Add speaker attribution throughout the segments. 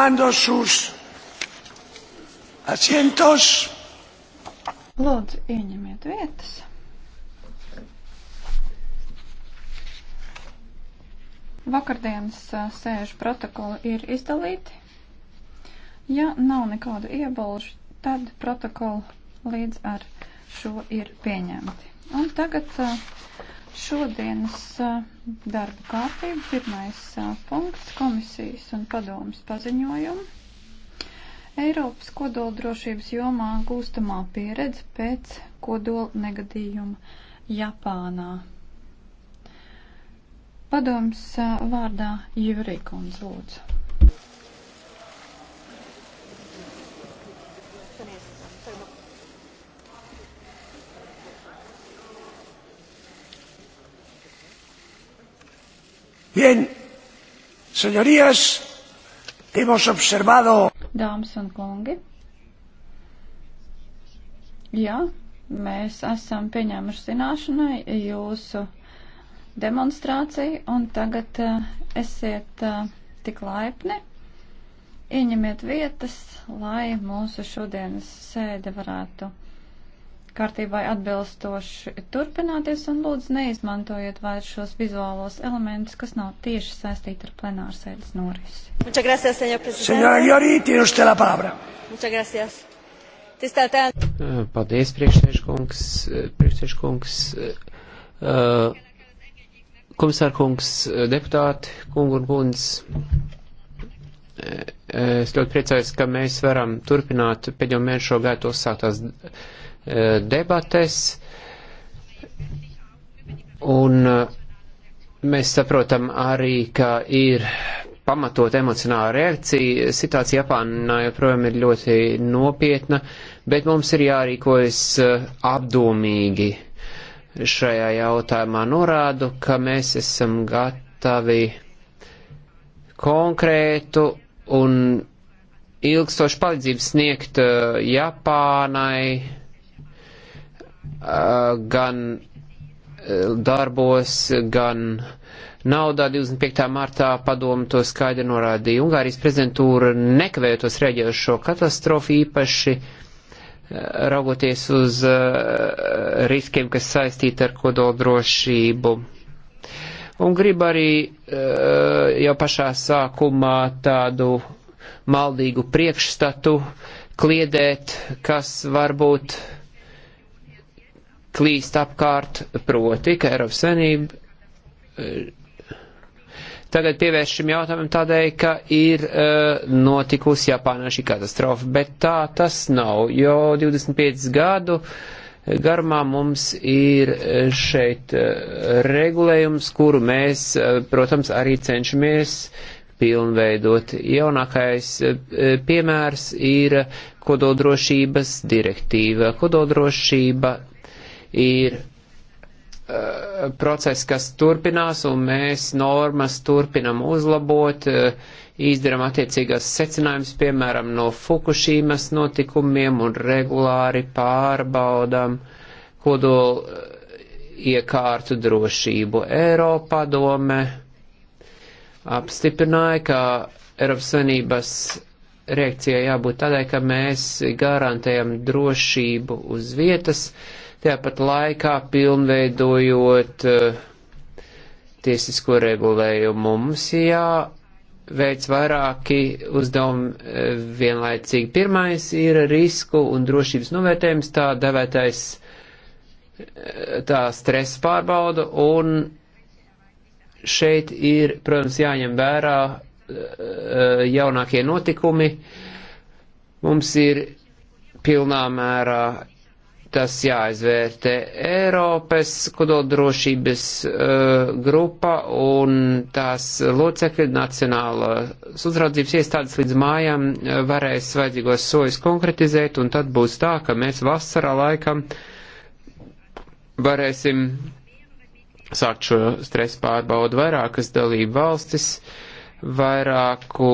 Speaker 1: tomando sus asientos.
Speaker 2: Lūdzu, ieņemiet vietas. Vakardienas sēžu protokoli ir izdalīti. Ja nav nekādu iebalžu, tad protokoli līdz ar šo ir pieņemti. Un tagad uh, Šodienas eh, darba kārtība, pirmais eh, punkts, komisijas un padomas paziņojumi. Eiropas kodoldrošības jomā gūstamā pieredze pēc kodola negadījuma Japānā. Padoms eh, vārdā Jurija Kunz lūdzu. Bien, señorías, hemos observado. Dāmas un kungi, jā, mēs esam pieņēmuši zināšanai jūsu demonstrāciju, un tagad uh, esiet uh, tik laipni, ieņemiet vietas, lai mūsu šodienas sēde varētu kārtībai atbilstoši turpināties un lūdzu neizmantojiet vairs šos vizuālos elementus, kas nav tieši saistīti ar plenārsēdes norisi. Muchas gracias, señor presidente. Señora Giori, tiene usted la palabra. Muchas gracias. Tistētā.
Speaker 1: Eh, paldies, priekšsēžkungs. Eh, priekšsēžkungs. Uh, Komisārkungs, deputāti, kungu un kundzes es ļoti priecājos, ka mēs varam turpināt pēdējo mēnešu gaitu uzsāktās debates, un eh, mēs saprotam arī, ka ir pamatot emocionāla reakcija. Situācija Japānā joprojām ir ļoti nopietna, bet mums ir jārīkojas eh, apdomīgi šajā jautājumā. Norādu, ka mēs esam gatavi konkrētu un ilgstošu palīdzību sniegt eh, Japānai Eh, gan eh, darbos, gan naudā 25. martā padomu to skaidri norādīja. Ungārijas prezidentūra nekavējotos reaģēja uz šo katastrofu īpaši eh, raugoties uz riskiem, kas saistīti ar kodoldrošību. Un grib arī jau pašā sākumā tādu maldīgu priekšstatu kliedēt, kas varbūt klīst apkārt, proti, ka Eiropas Savienība eh, tagad pievērš šim jautājumam tādēļ, ka ir eh, notikusi Japānā šī katastrofa, bet tā tas nav, jo 25 gadu garumā mums ir eh, šeit regulējums, kuru mēs, protams, arī cenšamies pilnveidot. Jaunākais piemērs ir kodoldrošības direktīva. Kodoldrošība ir uh, process, kas turpinās, un mēs normas turpinam uzlabot, uh, eh, izdaram attiecīgās secinājumus, piemēram, no Fukushīmas notikumiem un regulāri pārbaudam kodol eh, iekārtu drošību. Eiropa dome apstiprināja, ka Eiropas Savienības reakcijai jābūt tādai, ka mēs garantējam drošību uz vietas, uh, tāpat laikā pilnveidojot eh, tiesisko regulējumu. Mums jāveic vairāki uzdevumi eh, vienlaicīgi. Pirmais ir risku un drošības novērtējums, tā devētais eh, tā stresa pārbauda un šeit ir, protams, jāņem vērā jaunākie notikumi. Mums ir pilnā mērā tas jāizvērtē Eiropas kodoldrošības uh, eh, grupa un tās locekļi nacionālās uzraudzības iestādes līdz mājām eh, varēs vajadzīgos sojas konkretizēt, un tad būs tā, ka mēs vasarā laikam varēsim sākt šo stresu pārbaudu vairākas dalību valstis, vairāku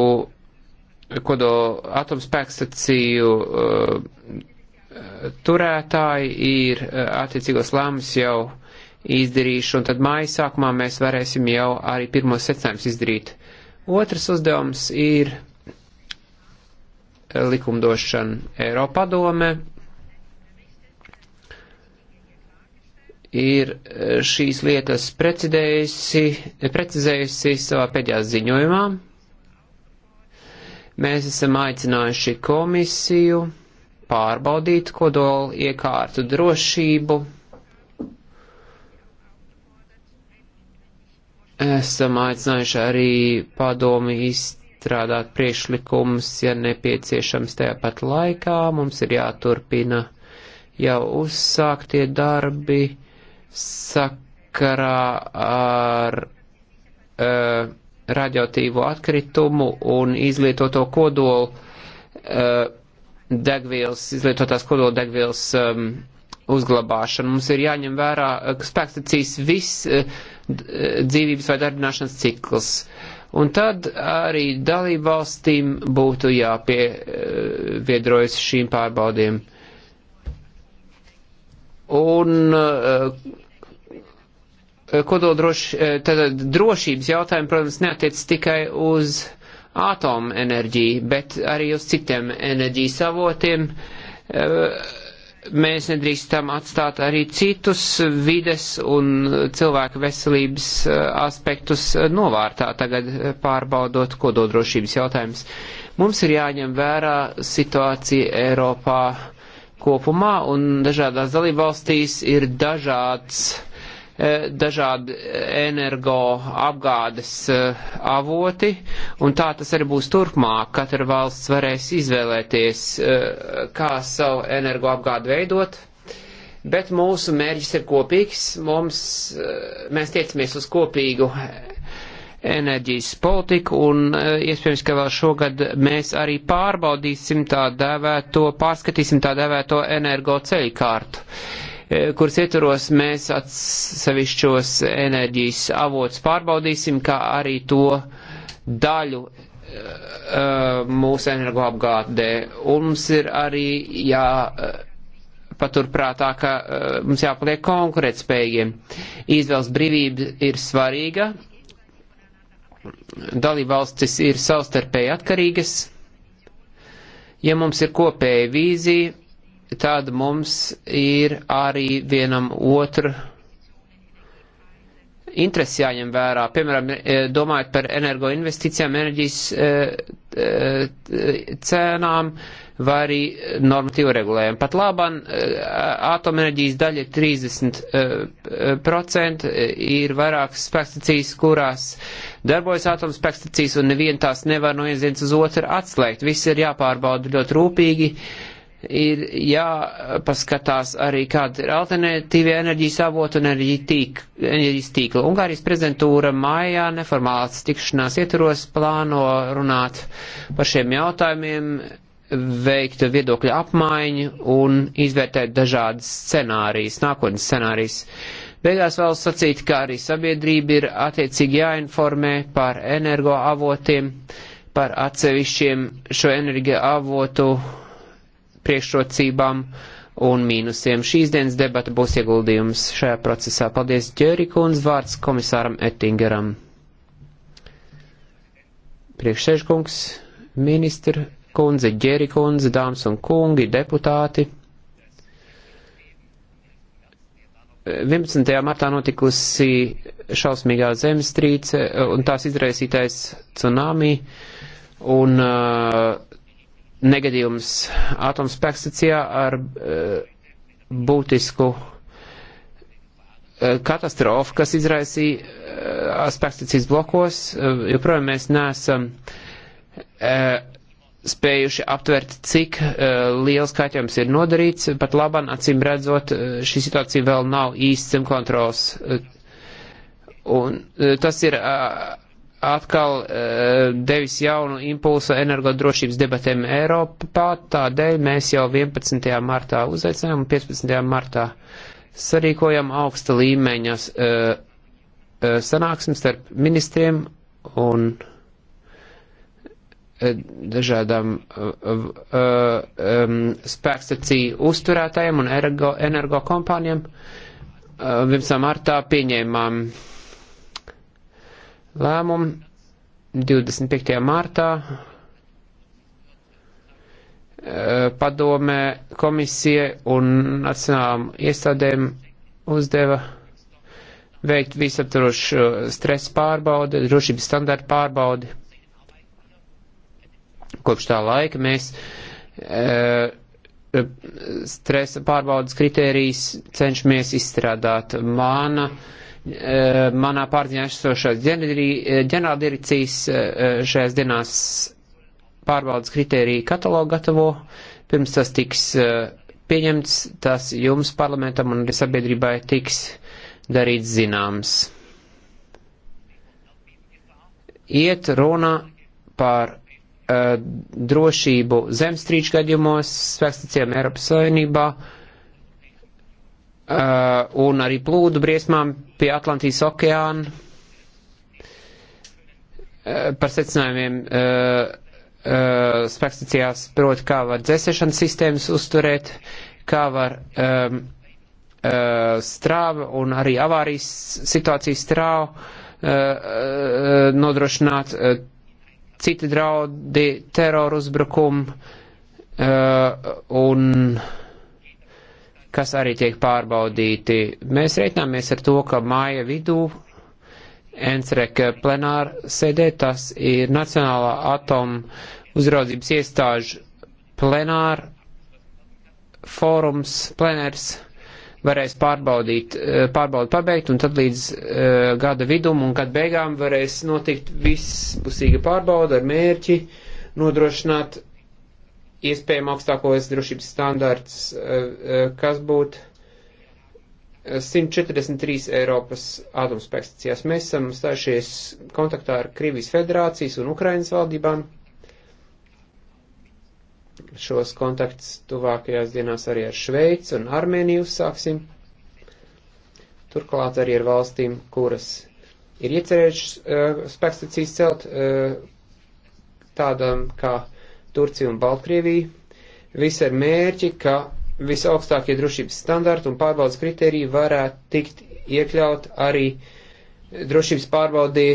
Speaker 1: kodo atomspēkstaciju uh, eh, turētāji ir eh, attiecīgos lēmumus jau izdarījuši, un tad mājas sākumā mēs varēsim jau arī pirmos secinājumus izdarīt. Otrs uzdevums ir eh, likumdošana Eiropadome. Ir eh, šīs lietas precizējusi savā pēdējā ziņojumā. Mēs esam aicinājuši komisiju pārbaudīt kodolu iekārtu drošību. Esam aicinājuši arī padomi izstrādāt priekšlikumus, ja nepieciešams tajā pat laikā. Mums ir jāturpina jau uzsāktie darbi sakarā ar uh, radioaktīvo atkritumu un izlietoto kodolu. Uh, degvielas, izlietotās kodoldegvielas um, uzglabāšanu. Mums ir jāņem vērā uh, spēkstacijas viss uh, uh, dzīvības vai darbināšanas cikls. Un tad arī dalību valstīm būtu jāpieviedrojas uh, šīm pārbaudiem. Un uh, kodoldrošības uh, jautājumi, protams, neatiec tikai uz atomenerģiju, bet arī uz citiem enerģijas avotiem. Eh, mēs nedrīkstam atstāt arī citus vides un cilvēku veselības eh, aspektus novārtā, tagad eh, pārbaudot kododrošības jautājumus. Mums ir jāņem vērā situācija Eiropā kopumā, un dažādās dalībvalstīs ir dažāds Eh, dažādi energo apgādes eh, avoti, un tā tas arī būs turpmāk. Katra valsts varēs izvēlēties, eh, kā savu energo apgādi veidot, bet mūsu mērķis ir kopīgs. Mums, mēs tiecamies uz kopīgu enerģijas politiku, un iespējams, ka vēl šogad mēs arī pārbaudīsim tā dēvēto, pārskatīsim tā dēvēto energo ceļkārtu. Uh, E, kuras ietvaros mēs atsevišķos enerģijas avots pārbaudīsim, kā arī to daļu e, mūsu energoapgādē. Un mums ir arī jā. E, paturprātā, ka uh, mums jāpaliek konkurētspējiem. Izvēles brīvība ir svarīga, dalībvalstis ir savstarpēji atkarīgas. Ja mums ir kopēja vīzija, tad mums ir arī vienam otru interesi jāņem vērā. Piemēram, e, domājot par energoinvestīcijām, enerģijas e, e, cenām vai arī normatīvu regulējumu. Pat labam atomenerģijas daļa ir 30%, ir vairākas spēkstacijas, kurās darbojas atomspēkstacijas un nevien tās nevar no viens uz otru atslēgt. Viss ir jāpārbauda ļoti rūpīgi ir jāpaskatās arī, kāda ir alternatīvie enerģijas avoti un tīk, enerģijas tīkla. Ungārijas prezidentūra mājā neformālās tikšanās ietvaros plāno runāt par šiem jautājumiem, veikt viedokļu apmaiņu un izvērtēt dažādas scenārijas, nākotnes scenārijas. Beigās vēl sacīt, ka arī sabiedrība ir attiecīgi jāinformē par energo avotiem, par atsevišķiem šo enerģiju avotu uh, priekšrocībām un mīnusiem. Šīs dienas debata būs ieguldījums šajā procesā. Paldies Ģērika un vārds komisāram Ettingeram. Priekšsēžkungs, ministra kundze, Ģērika kundze, dāmas un kungi, deputāti. 11. martā notikusi šausmīgā zemestrīce un tās izraisītais tsunami, un uh, negadījums atomspēkstacijā ar eh, būtisku eh, katastrofu, kas izraisīja eh, spēkstacijas blokos, joprojām mēs neesam spējuši aptvert, cik uh, liels kaitējums ir nodarīts, pat labam, acīm redzot, šī situācija vēl nav īsti zem kontrols. Uh, un uh, tas ir uh, atkal uh, devis jaunu impulsu energodrošības debatēm Eiropā, tādēļ mēs jau 11. martā uzaicinājām un 15. martā sarīkojam augsta līmeņa uh, uh, sanāksmes starp ministriem un dažādām uh, um, spēkstacīju uzturētājiem un energo, energo kompānijām. Uh, 11. martā pieņēmām uh, lēmumu 25. martā eh, padomē komisija un nacionālām iestādēm uzdeva veikt visaptarošu eh, stresa pārbaudi, drošības standartu pārbaudi. Kopš tā laika mēs e, stresa pārbaudas kritērijas cenšamies izstrādāt. Mana e, Eh, manā pārziņā esošās eh, ģenerāldirekcijas eh, šajās dienās pārbaudas kritēriju katalogu gatavo. Pirms tas tiks pieņemts, tas jums parlamentam un arī sabiedrībai tiks darīts zināms. Iet runa par uh, drošību zemstrīču gadījumos, spēkstacijām Eiropas Savienībā, uh, uh, un arī plūdu briesmām pie Atlantijas okeāna. Uh, par secinājumiem uh, uh, spēkstacijās, proti, kā var dzēsešanas sistēmas uzturēt, kā var um, uh, strāva un arī avārijas situācijas strāvu uh, uh, nodrošināt uh, citi draudi, teroruzbrukumu uh, un uh, kas arī tiek pārbaudīti. Mēs reiķināmies ar to, ka māja vidū Encreka plenāra sēdē, tas ir Nacionālā atoma uzraudzības iestāžu plenāra fórums, plenārs varēs pārbaudīt, eh, pārbaudi pabeigt, un tad līdz uh, gada vidum un gada beigām varēs notikt vispusīga pārbauda ar mērķi nodrošināt iespējami augstākos drošības standārts, eh, eh, kas būtu 143 eh, Eiropas atomspēkstacijās. Mēs esam stājušies kontaktā ar Krievijas federācijas un Ukrainas valdībām. Šos kontaktus tuvākajās dienās arī ar Šveici un Armēniju uzsāksim. Turklāt arī ar valstīm, kuras ir iecerējušas uh, spēkstacijas celt uh, tādam kā uh, Turciju un Baltkrieviju, viss ar mērķi, ka visaugstākie drošības standarti un pārbaudas kriteriji varētu tikt iekļaut arī drošības pārbaudī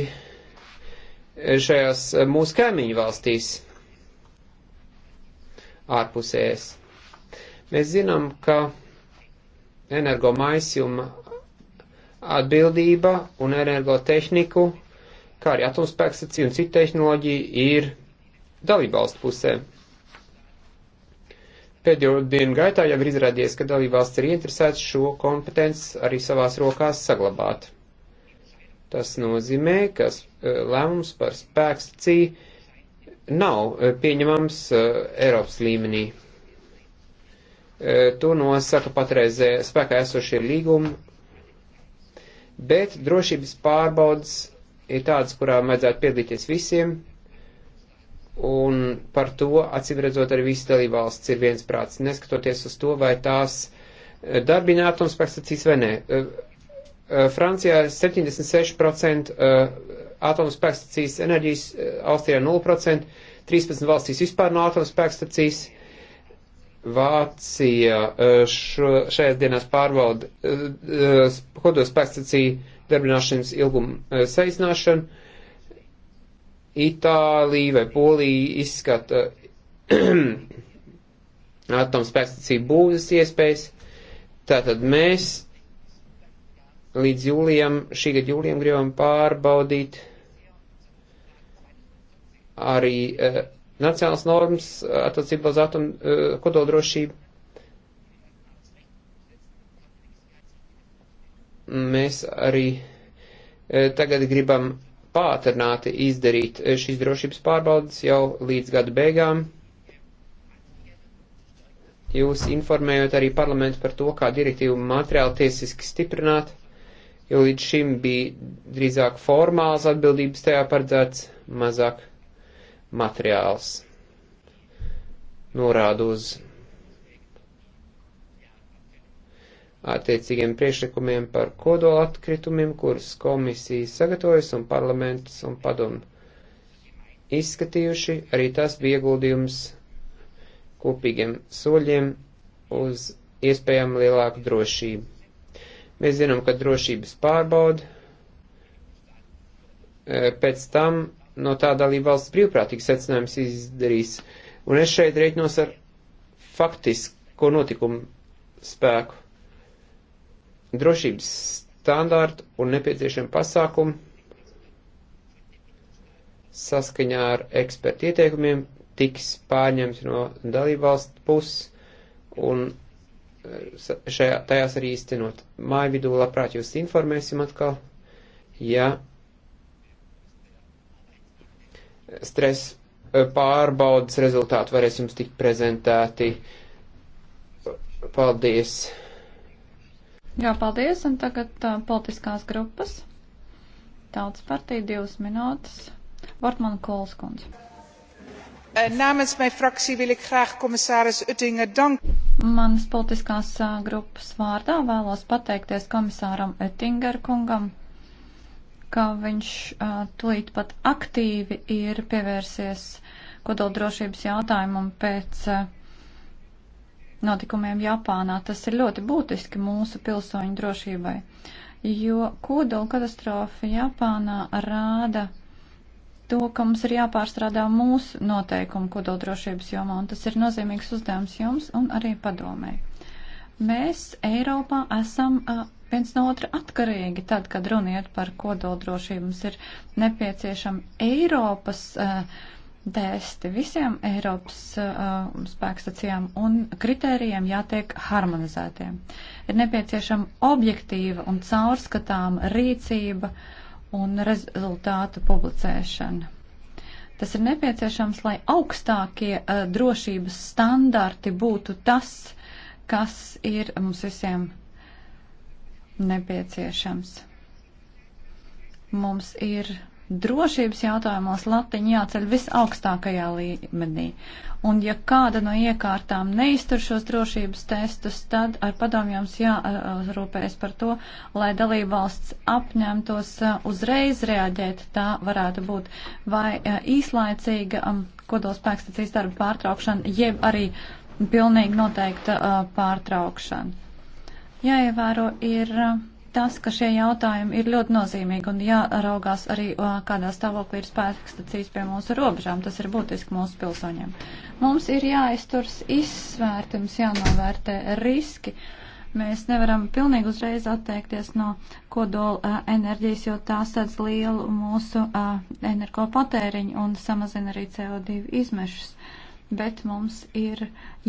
Speaker 1: šajās mūsu kaimiņu valstīs ārpusēs. E Mēs zinām, ka energomaisjuma atbildība un energotehniku, kā arī atomspēkstacija un citu tehnoloģiju ir dalībvalstu pusē. Pēdējo dienu gaitā jau ir izrādies, ka dalībvalsts ir interesēts šo kompetenci arī savās rokās saglabāt. Tas nozīmē, ka eh, lēmums par spēkstaciju nav eh, pieņemams eh, Eiropas līmenī. To nosaka patreizē spēkā esošie līgumi, bet drošības pārbaudas ir tādas, kurām vajadzētu piedalīties visiem un par to, acīm redzot, arī visas dalībvalsts ir viensprāts, neskatoties uz to, vai tās eh, darbina atomspēkstacijas vai nē. Eh, eh, Francijā 76% atomspēkstacijas enerģijas, Austrijā 0%, 13 valstīs vispār no atomspēkstacijas. Vācija šo, šajās dienās pārvalda kodos spēkstaciju darbināšanas ilgumu saīsināšanu Itālija vai Polija izskata atomspēkstacību būvas iespējas, tātad mēs līdz jūlijam, šī gada jūlijam gribam pārbaudīt arī uh, e, nacionāls normas attiecībā uz atomu uh, e, kodoldrošību. Mēs arī uh, tagad gribam pātrināti izdarīt šīs drošības pārbaudas jau līdz gada beigām. Jūs informējot arī parlamentu par to, kā direktīvu materiāli tiesiski stiprināt, jo līdz šim bija drīzāk formāls atbildības tajā paredzēts, mazāk materiāls norāda uz attiecīgiem priekšlikumiem par kodola atkritumiem, kuras komisija sagatavojas un parlaments un padomu izskatījuši. Arī tas bija ieguldījums kopīgiem soļiem uz iespējami lielāku drošību. Mēs zinām, ka drošības pārbauda e, pēc tam no tā dalība valsts brīvprātīgs secinājums izdarīs. Un es šeit reiķinos ar faktisko notikumu spēku drošības standārtu un nepieciešami pasākumi saskaņā ar ekspertu ieteikumiem tiks pārņemts no dalībvalstu puses un eh, šajā, tajās arī īstenot. Māju vidū labprāt jūs informēsim atkal, ja stress eh, pārbaudas rezultāti varēs jums tikt prezentēti. Paldies!
Speaker 2: Jā, paldies. Un tagad uh, politiskās grupas. Tautas partija divas minūtes. Vortman Kolskundze. Eh, namens
Speaker 1: mijn fractie wil ik graag commissaris Uttinger danken.
Speaker 2: Manas politiskās uh, grupas vārdā vēlos pateikties komisāram Uttinger kungam, ka viņš uh, tūlīt pat aktīvi ir pievērsies kodoldrošības jautājumam pēc uh, notikumiem Japānā. Tas ir ļoti būtiski mūsu pilsoņu drošībai, jo kodola katastrofa Japānā rāda to, ka mums ir jāpārstrādā mūsu noteikumu kodoldrošības jomā, un tas ir nozīmīgs uzdevums jums un arī padomē. Mēs Eiropā esam uh, viens no otra atkarīgi tad, kad runiet par kodoldrošību. Mums ir nepieciešama Eiropas uh, bēsti visiem Eiropas uh, spēkstacijām un kritērijiem jātiek harmonizētiem. Ir nepieciešama objektīva un caurskatāma rīcība un rezultātu publicēšana. Tas ir nepieciešams, lai augstākie uh, drošības standarti būtu tas, kas ir mums visiem nepieciešams. Mums ir drošības jautājumos latiņa jāceļ visaugstākajā līmenī. Un ja kāda no iekārtām neiztur šos drošības testus, tad ar padomjums jārūpējas par to, lai dalībvalsts apņemtos uh, uzreiz reaģēt. Tā varētu būt vai uh, īslaicīga um, kodolspēkstacijas darba pārtraukšana, jeb arī pilnīgi noteikta uh, pārtraukšana. Jāievēro ir. Uh, tas, ka šie jautājumi ir ļoti nozīmīgi un jāraugās arī, kādā stāvoklī ir spēkstacijas pie mūsu robežām. Tas ir būtiski mūsu pilsoņiem. Mums ir jāizturs izsvērti, mums jānovērtē riski. Mēs nevaram pilnīgi uzreiz atteikties no kodola enerģijas, jo tā sēdz lielu mūsu energopatēriņu un samazina arī CO2 izmešus bet mums ir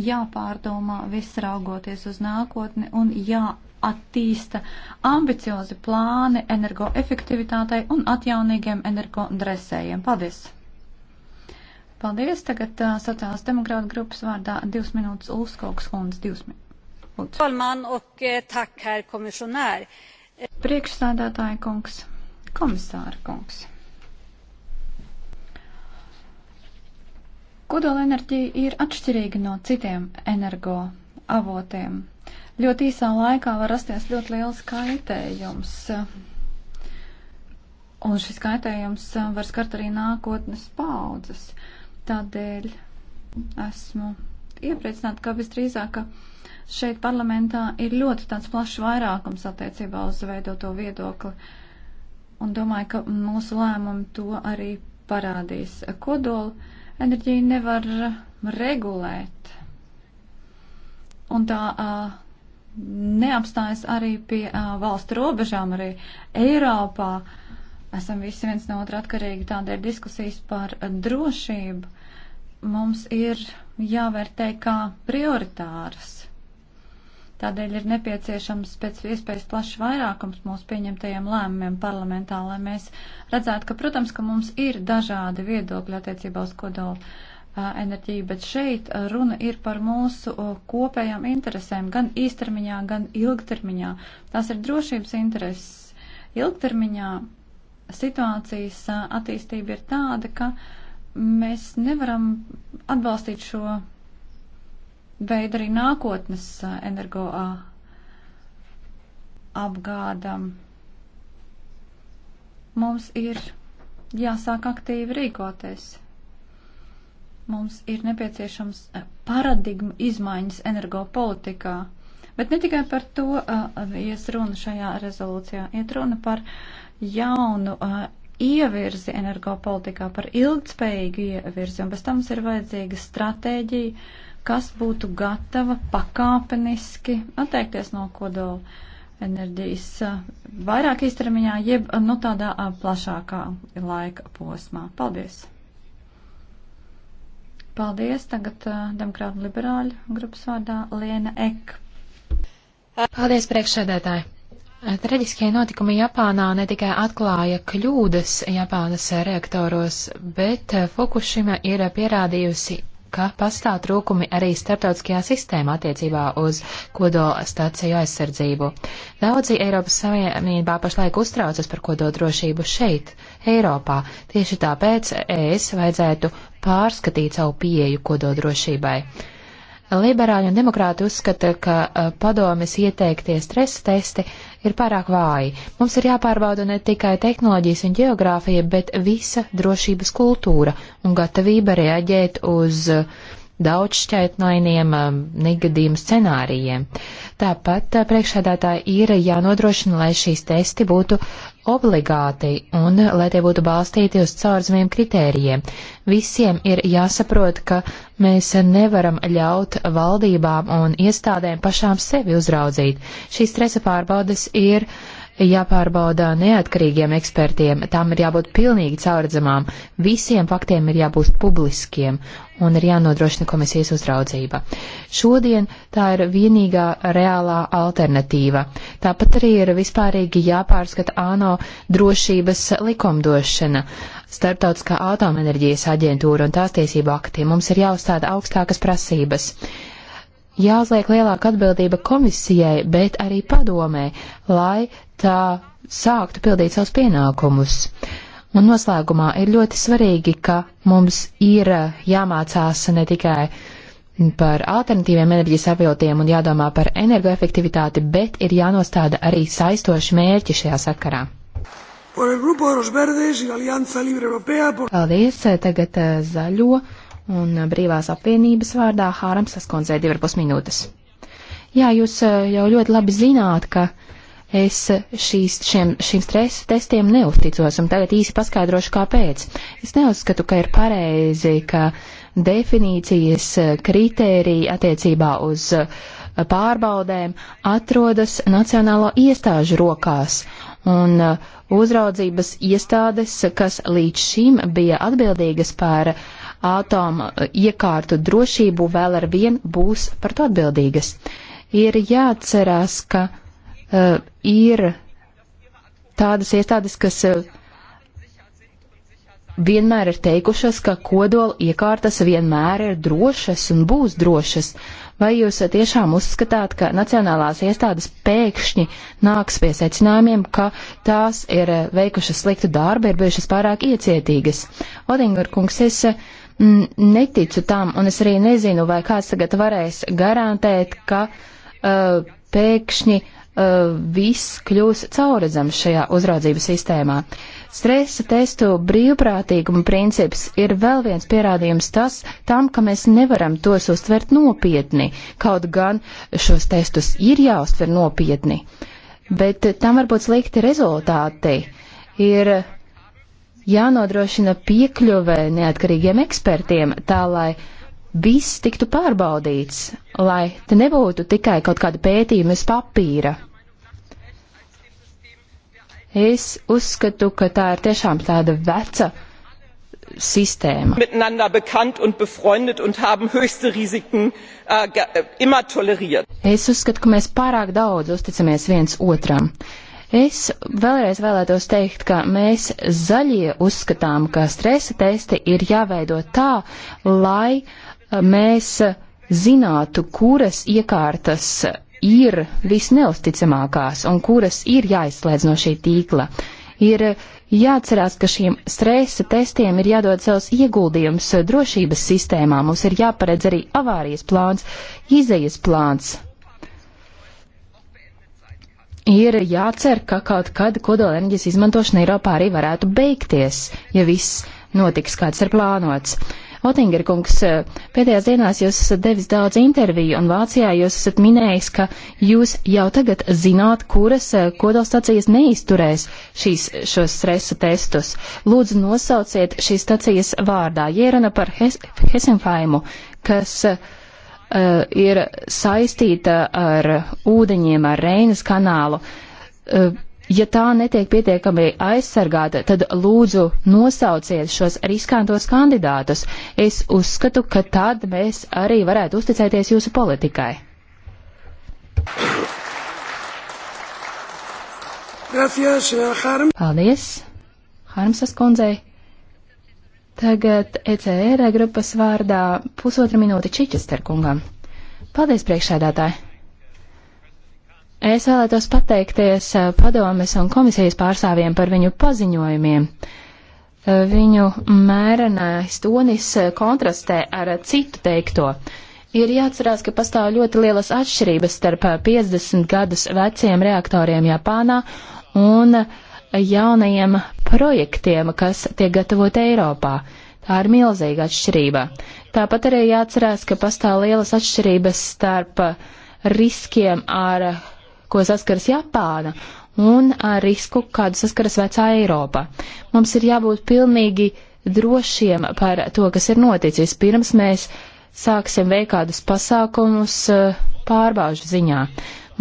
Speaker 2: jāpārdomā viss raugoties uz nākotni un jā jāattīsta ambiciozi plāni energoefektivitātei un atjaunīgiem energodresējiem. Paldies! Paldies! Tagad uh, sociālās demokrāta grupas vārdā divas minūtes Ulskoks Hunds. Divas minūtes. Palman, ok, tak, herr komisionēr. Priekšsādātāja kungs, komisāra kungs. Kodolenerģija ir atšķirīga no citiem energo avotiem. Ļoti īsā laikā var rasties ļoti liels kaitējums. Un šis kaitējums var skart arī nākotnes paudzes. Tādēļ esmu iepriecināta, ka visdrīzāk, ka šeit parlamentā ir ļoti tāds plašs vairākums attiecībā uz veidoto viedokli. Un domāju, ka mūsu lēmumi to arī parādīs. Kodolu enerģiju nevar regulēt. Un tā uh, neapstājas arī pie uh, valstu robežām, arī Eiropā. Esam visi viens no otra atkarīgi, tādēļ diskusijas par drošību mums ir jāvērtē kā prioritāras. Tādēļ ir nepieciešams pēc iespējas plašs vairākums mūsu pieņemtajiem lēmumiem parlamentā, lai mēs redzētu, ka, protams, ka mums ir dažādi viedokļi attiecībā uz kodolu enerģiju, bet šeit runa ir par mūsu kopējām interesēm gan īstermiņā, gan ilgtermiņā. Tās ir drošības intereses. Ilgtermiņā situācijas attīstība ir tāda, ka mēs nevaram atbalstīt šo veidu arī nākotnes energo apgādam. Mums ir jāsāk aktīvi rīkoties. Mums ir nepieciešams eh, paradigmu izmaiņas energopolitikā. Bet ne tikai par to uh, ies runa šajā rezolūcijā, iet runa par jaunu uh, ievirzi energopolitikā, par ilgtspējīgu ievirzi, un bez tam mums ir vajadzīga stratēģija, kas būtu gatava pakāpeniski atteikties no kodola enerģijas vairāk īstermiņā, jeb nu, tādā plašākā laika posmā. Paldies! Paldies. Tagad uh, demokrāta un liberāļu grupas vārdā Liena Ek.
Speaker 3: Paldies, priekšsēdētāji. Traģiskie notikumi Japānā ne tikai atklāja kļūdas Japānas reaktoros, bet Fukushima ir pierādījusi ka pastāv trūkumi arī starptautiskajā sistēmā attiecībā uz kodola stāciju aizsardzību. Daudzi Eiropas Savienībā pašlaik uztraucas par kododrošību šeit, Eiropā. Tieši tāpēc ES vajadzētu pārskatīt savu pieeju kododrošībai. drošībai. Liberāļi un demokrāti uzskata, ka eh, padomis ieteiktie stresa testi ir pārāk vāji. Mums ir jāpārbauda ne tikai tehnoloģijas un geogrāfija, bet visa drošības kultūra un gatavība reaģēt uz eh, daudzšķaitnainiem eh, negadījumu scenārijiem. Tāpat priekšsēdētāji ir jānodrošina, lai šīs testi būtu obligāti un lai tie būtu balstīti uz caurzemiem kritērijiem. Visiem ir jāsaprot, ka mēs nevaram ļaut valdībām un iestādēm pašām sevi uzraudzīt. Šīs stresa pārbaudes ir uh, jāpārbauda neatkarīgiem ekspertiem, tām ir jābūt pilnīgi caurdzamām, visiem faktiem ir jābūt publiskiem un ir jānodrošina komisijas uzraudzība. Šodien tā ir vienīgā reālā alternatīva. Tāpat arī ir vispārīgi jāpārskata ANO drošības likumdošana, starptautiskā atomenerģijas aģentūra un tās tiesību akti. Mums ir jāuzstāda augstākas prasības jāuzliek lielāka atbildība komisijai, bet arī padomē, lai tā sāktu pildīt savus pienākumus. Un noslēgumā ir ļoti svarīgi, ka mums ir eh, jāmācās ne tikai par alternatīviem enerģijas avotiem un jādomā par energoefektivitāti, bet ir jānostāda arī saistoši mērķi šajā sakarā. Paldies, eh, tagad eh, zaļo un brīvās apvienības vārdā Hārams saskundzē 2,5 minūtes. Jā, jūs jau ļoti labi zināt, ka uh, Es šīs, šiem, šiem stresa testiem neusticos, un tagad īsi paskaidrošu, kāpēc. Es neuzskatu, ka ir pareizi, ka definīcijas eh, kritērija attiecībā uz eh, pārbaudēm atrodas nacionālo iestāžu rokās, un eh, uzraudzības iestādes, kas līdz šim bija atbildīgas par atomu iekārtu drošību, vēl ar vien būs par to atbildīgas. Ir jāatcerās, ka Eh, ir tādas iestādes, kas eh, vienmēr ir teikušas, ka kodola iekārtas vienmēr ir drošas un būs drošas. Vai jūs tiešām uzskatāt, ka nacionālās iestādes pēkšņi nāks pie secinājumiem, ka tās ir eh, veikušas sliktu darbu, ir bijušas pārāk iecietīgas? Odingar kungs, es mm, neticu tam, un es arī nezinu, vai kāds tagad varēs garantēt, ka uh, pēkšņi uh, Uh, viss kļūs cauredzams šajā uzraudzības sistēmā. Stresa testu brīvprātīguma princips ir vēl viens pierādījums tas, tam, ka mēs nevaram tos uztvert nopietni, kaut gan šos testus ir jāuztver nopietni, bet tam var būt slikti rezultāti. Ir jānodrošina piekļuvē neatkarīgiem ekspertiem tā, lai uh, viss tiktu pārbaudīts, lai te nebūtu tikai kaut kāda pētījuma uz papīra. Es uzskatu, ka tā ir tiešām tāda veca sistēma.
Speaker 1: Miteinander bekannt un befreundet un haben höchste Risiken uh, immer toleriert.
Speaker 3: Es uzskatu, ka mēs pārāk daudz uzticamies viens otram. Es vēlreiz vēlētos teikt, ka mēs zaļie uzskatām, ka stresa testi ir jāveido tā, lai uh, mēs zinātu, kuras iekārtas ir visneusticamākās un kuras ir jāizslēdz no šī tīkla. Ir jāatcerās, ka šiem stresa testiem ir jādod savs ieguldījums drošības sistēmā. Mums ir jāparedz arī avārijas plāns, izejas plāns. Ir jācer, ka kaut kad kodolenerģijas izmantošana Eiropā arī varētu beigties, ja viss notiks, kāds ir plānots. Otinger kungs, eh, pēdējās dienās jūs esat devis daudz interviju, un Vācijā jūs esat minējis, ka jūs jau tagad zināt, kuras eh, kodolstacijas neizturēs šīs, šos stresa testus. Lūdzu, nosauciet šīs stacijas vārdā. Jērana par Hes Hesenfaimu, kas uh, ir saistīta ar ūdeņiem, ar Reinas kanālu. Uh, Ja tā netiek pietiekami aizsargāta, tad lūdzu nosauciet šos riskantos kandidātus. Es uzskatu, ka tad mēs arī varētu uzticēties jūsu politikai.
Speaker 2: Gracias, Harm.
Speaker 3: Paldies, Harmsas kundzei. Tagad ECR grupas vārdā pusotra minūte Čičester kungam. Paldies, priekšsēdētāji! Es vēlētos pateikties eh, padomes un komisijas pārstāvjiem par viņu paziņojumiem. Eh, viņu mērenais tonis eh, kontrastē ar citu teikto. Ir jāatcerās, ka pastāv ļoti lielas atšķirības starp 50 gadus veciem reaktoriem Japānā un jaunajiem projektiem, kas tiek gatavoti Eiropā. Tā ir milzīga atšķirība. Tāpat arī jāatcerās, ka pastāv lielas atšķirības starp riskiem ar ko saskaras Japāna, un ar risku, kādu saskaras vecā Eiropa. Mums ir jābūt pilnīgi drošiem par to, kas ir noticis, pirms mēs sāksim veikt kādus pasākumus eh, pārbaužu ziņā.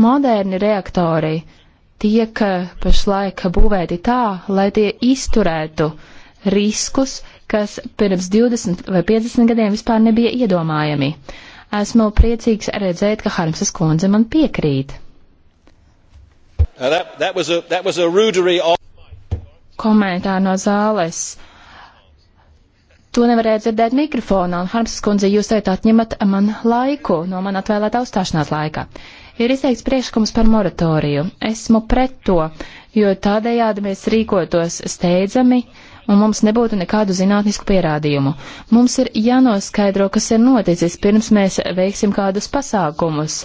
Speaker 3: Moderni reaktori tiek eh, pašlaik būvēti tā, lai tie izturētu riskus, kas pirms 20 vai 50 gadiem vispār nebija iedomājami. Esmu priecīgs redzēt, ka Harmsas kundze man piekrīt.
Speaker 4: Uh, that was a, that was a rudery of...
Speaker 3: Komentāri no zāles. To nevarēja dzirdēt mikrofonā, un Harmsas kundze, jūs teikt atņemat man laiku no man atvēlētā uzstāšanās laika. Ir izteikts priekšlikums par moratoriju. Esmu pret to, jo tādējādi mēs rīkotos steidzami, un mums nebūtu nekādu zinātnisku pierādījumu. Mums ir jānoskaidro, kas ir noticis, pirms mēs veiksim kādus pasākumus.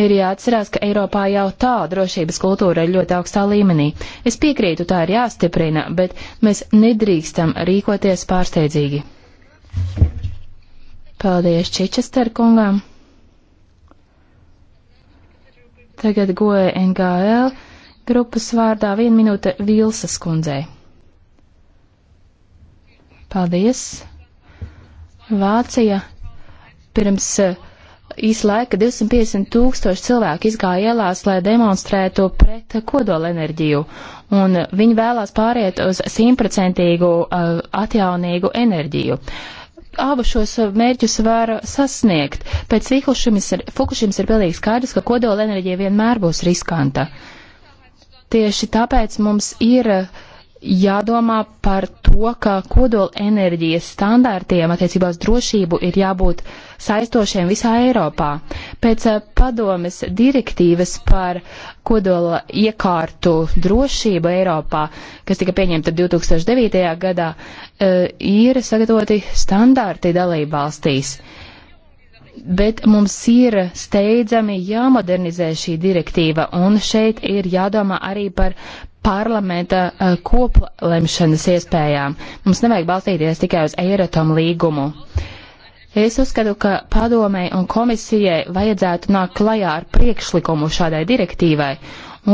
Speaker 3: Ir jāatcerās, ka Eiropā jau tā drošības kultūra ir ļoti augstā līmenī. Es piekrītu, tā ir jāstiprina, bet mēs nedrīkstam rīkoties pārsteidzīgi. Paldies Čičester kungām. Tagad goja NGL grupas vārdā viena minūte Vilsas kundzei. Paldies! Vācija pirms uh, īsa laika 250 tūkstoši cilvēku izgāja ielās, lai demonstrētu pret kodolenerģiju, un viņi vēlās pāriet uz simtprocentīgu uh, atjaunīgu enerģiju. Abu šos uh, mērķus var sasniegt. Pēc Fukushimas ir, Fukushimas ir pilnīgi skaidrs, ka kodolenerģija vienmēr būs riskanta. Tieši tāpēc mums ir uh, jādomā par to, ka kodola enerģijas standārtiem attiecībā uz drošību ir jābūt saistošiem visā Eiropā. Pēc eh, padomes direktīvas par kodola iekārtu drošību Eiropā, kas tika pieņemta 2009. gadā, eh, ir sagatavoti standārti dalībvalstīs. Bet mums ir steidzami jāmodernizē šī direktīva, un šeit ir jādomā arī par parlamenta eh, koplemšanas iespējām. Mums nevajag balstīties tikai uz Eiratomu līgumu. Es uzskatu, ka padomei un komisijai vajadzētu nākt klajā ar priekšlikumu šādai direktīvai,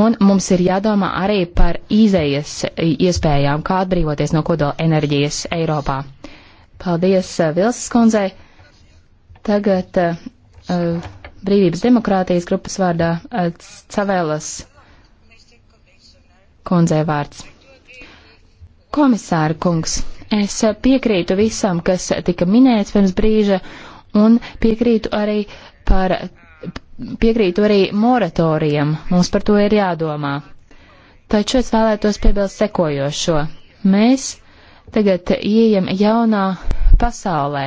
Speaker 3: un mums ir jādomā arī par izējas eh, iespējām, kā atbrīvoties no kodola enerģijas Eiropā. Paldies eh, Vilsas kundzei. Tagad uh, brīvības demokrātijas grupas vārdā uh, Cavēlas kundzē vārds. Komisāra kungs, es piekrītu visam, kas tika minēts pirms brīža, un piekrītu arī par, piekrītu arī moratorijam. Mums par to ir jādomā. Taču es vēlētos piebilst sekojošo. Mēs tagad ieejam jaunā pasaulē.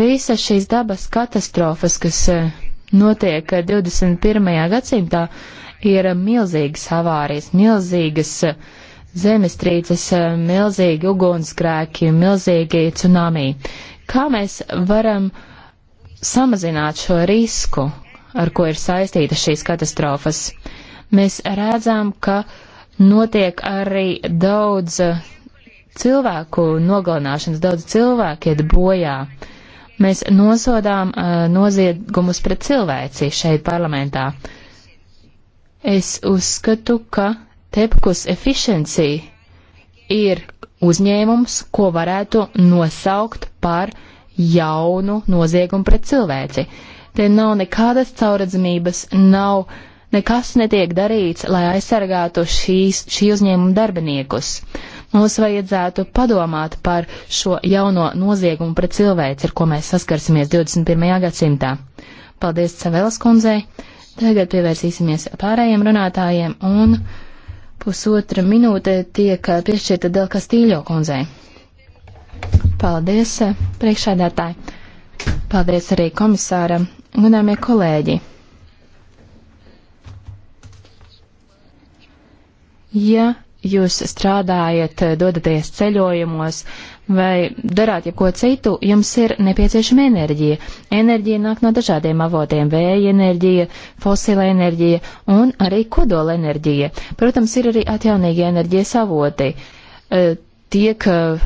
Speaker 3: Visas šīs dabas katastrofas, kas eh, notiek 21. Eh, gadsimtā, ir milzīgas avārijas, milzīgas eh, zemestrīces, eh, milzīgi ugunsgrēki, milzīgi tsunami. Kā mēs varam samazināt šo risku, ar ko ir saistītas šīs katastrofas? Mēs redzam, ka notiek arī daudz eh, cilvēku nogalināšanas, daudz cilvēku iet bojā. Mēs nosodām uh, noziegumus pret cilvēci šeit parlamentā. Uh, Es uzskatu, ka Tepkus Efficiency ir uzņēmums, ko varētu nosaukt par jaunu noziegumu pret cilvēci. Te nav nekādas caurredzamības, nav nekas netiek darīts, lai aizsargātu šīs, šī uzņēmuma darbiniekus. Mums vajadzētu padomāt par šo jauno noziegumu pret cilvēci, ar ko mēs saskarsimies 21. gadsimtā. Paldies Cevēlas kundzei! Tagad pievērsīsimies pārējiem runātājiem un pusotra minūte tiek piešķirta Del Kastīļo kundzei. Paldies, priekšādātāji. Paldies arī komisāram, godāmie kolēģi. Ja jūs strādājat, eh, dodaties ceļojumos vai darāt jebko citu, jums ir nepieciešama enerģija. Enerģija nāk no dažādiem avotiem - vēja enerģija, fosila enerģija un arī kodola enerģija. Protams, ir arī atjaunīgi enerģijas avoti. Eh, tiek eh,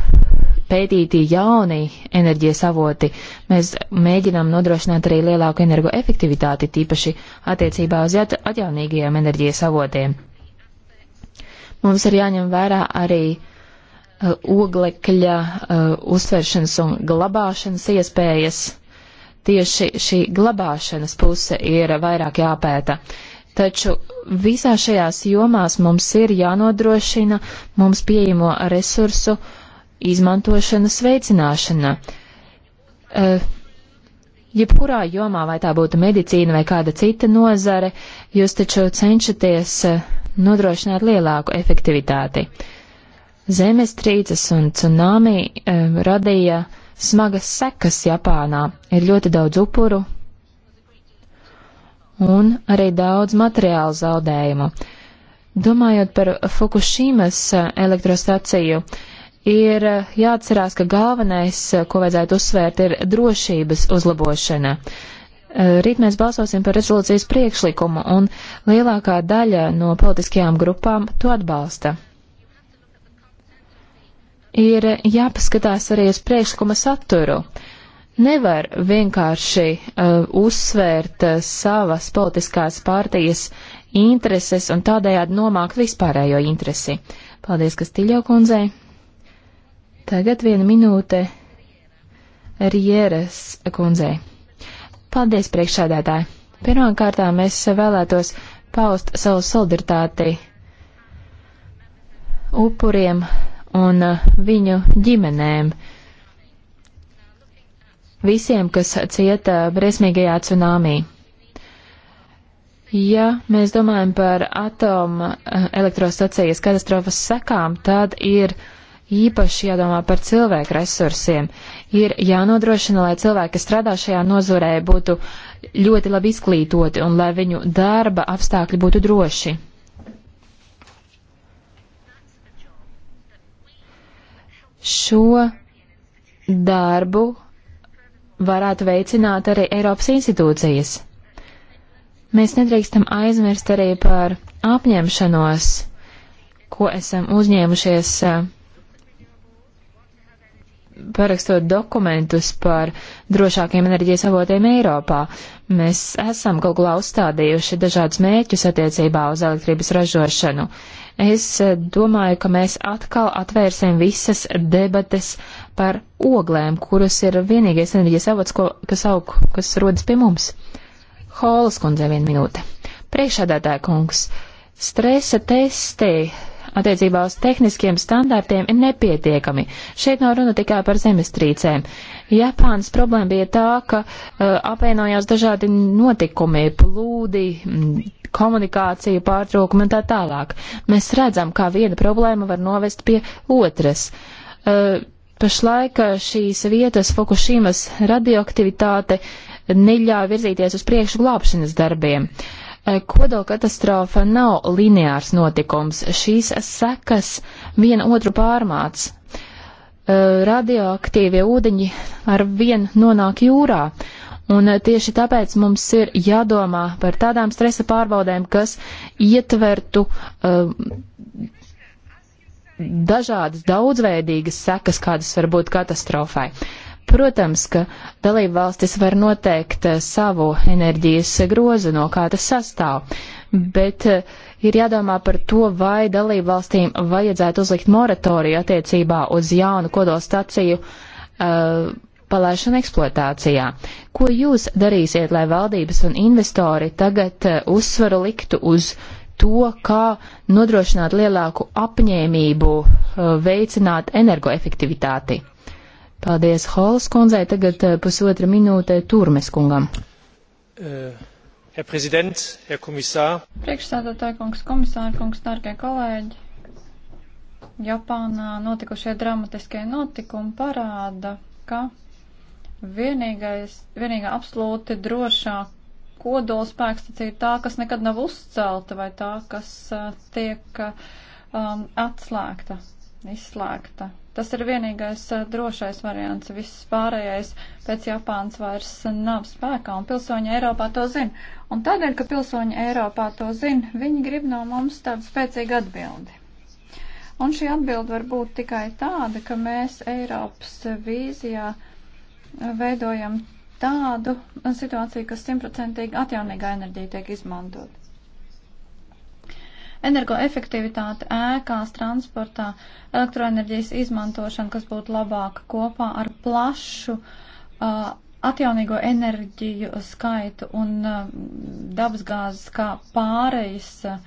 Speaker 3: pētīti jauni enerģijas avoti, mēs mēģinām nodrošināt arī lielāku energoefektivitāti, tīpaši attiecībā uz atjaunīgajiem enerģijas avotiem. Mums ir jāņem vērā arī uh, oglekļa uh, uztveršanas un glabāšanas iespējas. Tieši šī glabāšanas puse ir vairāk jāpēta. Taču visā šajās jomās mums ir jānodrošina mums pieejamo resursu izmantošanas veicināšana. Uh, jebkurā jomā, vai tā būtu medicīna vai kāda cita nozare, jūs taču cenšaties uh, nodrošināt lielāku efektivitāti. Zemestrīces un tsunami e, eh, radīja smagas sekas Japānā. Ir ļoti daudz upuru un arī daudz materiālu zaudējumu. Domājot par Fukushimas eh, elektrostaciju, ir eh, jāatcerās, ka galvenais, ko vajadzētu uzsvērt, ir drošības uzlabošana. Rīt mēs balsosim par rezolūcijas priekšlikumu, un lielākā daļa no politiskajām grupām to atbalsta. Ir jāpaskatās arī uz priekšlikuma saturu. Nevar vienkārši uh, uzsvērt uh, savas politiskās pārtījas intereses un tādējādi nomākt vispārējo interesi. Paldies, Kastīļo kundzei. Tagad viena minūte Rieres kundzei. Paldies, priekšsēdētāji! Pirmkārtām es vēlētos paust savu solidaritāti upuriem un viņu ģimenēm. Visiem, kas cieta briesmīgajā cunāmī. Ja mēs domājam par atoma eh, elektrostacijas katastrofas sekām, tad ir uh, īpaši jādomā par cilvēku resursiem. Ir jānodrošina, lai cilvēki, kas strādā šajā nozarē, būtu ļoti labi izglītoti un lai viņu darba apstākļi būtu droši. Šo darbu varētu veicināt arī Eiropas institūcijas. Mēs nedrīkstam aizmirst arī par apņemšanos, ko esam uzņēmušies uh, parakstot dokumentus par drošākiem enerģijas avotiem Eiropā. Mēs esam kaut kā uzstādījuši dažādus mēķus attiecībā uz elektrības ražošanu. Es eh, domāju, ka mēs atkal atvērsim visas debates par oglēm, kuras ir vienīgais enerģijas avots, ko, kas aug, kas rodas pie mums. Holas kundze, viena minūte. Priekšādātāja kungs, stresa testi attiecībā uz tehniskiem standartiem ir nepietiekami. Šeit nav runa tikai par zemestrīcēm. Japānas problēma bija tā, ka uh, apvienojās dažādi notikumi, plūdi, komunikācija pārtraukumi un tā tālāk. Mēs redzam, kā viena problēma var novest pie otras. Uh, pašlaik eh, šīs vietas Fukushimas radioaktivitāte neļauj virzīties uz priekšu glābšanas darbiem. Uh, Eh, Kodola katastrofa nav lineārs notikums. Šīs sekas viena otru pārmāc. Eh, radioaktīvie ūdeņi ar vien nonāk jūrā. Un eh, tieši tāpēc mums ir jādomā par tādām stresa pārbaudēm, kas ietvertu uh, dažādas daudzveidīgas sekas, kādas var būt katastrofai. Uh, Protams, ka dalība valstis var noteikt eh, savu enerģijas grozu, no kā tas sastāv, bet eh, ir jādomā par to, vai dalību valstīm vajadzētu uzlikt moratoriju attiecībā uz jaunu kodolstaciju uh, eh, palaišanu eksploatācijā. Ko jūs darīsiet, lai valdības un investori tagad uzsvaru liktu uz to, kā nodrošināt lielāku apņēmību veicināt energoefektivitāti? Paldies Holas kundzei. Tagad eh, pusotra minūte Turmes kungam.
Speaker 2: Eh, Herr Prezident, Herr Komisār. Priekšsādātāja kungs, komisāra kungs, dārgie kolēģi. Japānā notikušie dramatiskie notikumi parāda, ka vienīgais, vienīgā absolūti drošā kodola spēkstacija ir tā, kas nekad nav uzcelta vai tā, kas uh, tiek um, atslēgta, izslēgta. Tas ir vienīgais eh, drošais variants. Viss pārējais pēc Japānas vairs nav spēkā, un pilsoņi Eiropā to zina. Un tādēļ, ka pilsoņi Eiropā to zina, viņi grib no mums tādu spēcīgu atbildi. Un šī atbilde var būt tikai tāda, ka mēs Eiropas vīzijā veidojam tādu situāciju, kas simtprocentīgi atjaunīgā enerģija tiek izmantot energoefektivitāte ēkās, transportā, elektroenerģijas izmantošana, kas būtu labāka kopā ar plašu uh, atjaunīgo enerģiju skaitu un uh, dabasgāzes kā pārejas uh,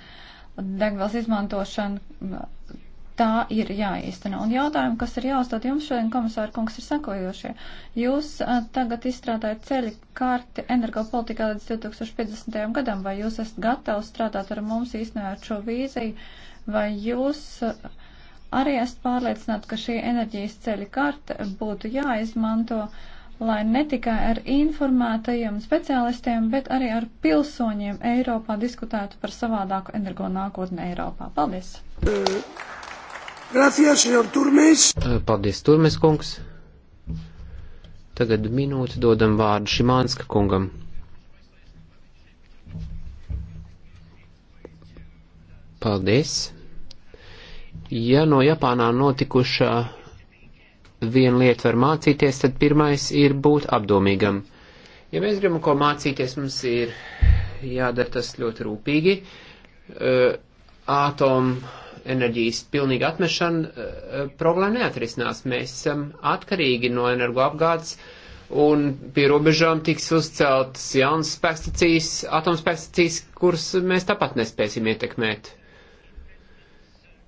Speaker 2: degvielas izmantošanu. Uh, tā ir jāīstena. Un jautājumi, kas ir jāuzdod jums šodien, komisāra kungs, ir sakojošie. Jūs a, tagad izstrādājat ceļu karti energopolitikā līdz 2050. gadam, vai jūs esat gatavs strādāt ar mums, īstenojot šo vīziju, vai jūs a, arī esat pārliecināti, ka šī enerģijas ceļa karta būtu jāizmanto, lai ne tikai ar informētajiem speciālistiem, bet arī ar pilsoņiem Eiropā diskutētu par savādāku energo nākotni Eiropā. Paldies! Mm. Gracias, senor
Speaker 1: Turmes. Eh, paldies, Turmes kungs. Tagad minūti dodam vārdu Šimānska kungam. Paldies. Ja no Japānā notikušā viena lieta var mācīties, tad pirmais ir būt apdomīgam. Ja mēs gribam ko mācīties, mums ir jādara tas ļoti rūpīgi. Uh, eh, atom enerģijas pilnīga atmešana eh, problēma neatrisinās. Mēs esam atkarīgi no energoapgādes un pie robežām tiks uzceltas jaunas spēkstacijas, atomspēkstacijas, kuras mēs tāpat nespēsim ietekmēt.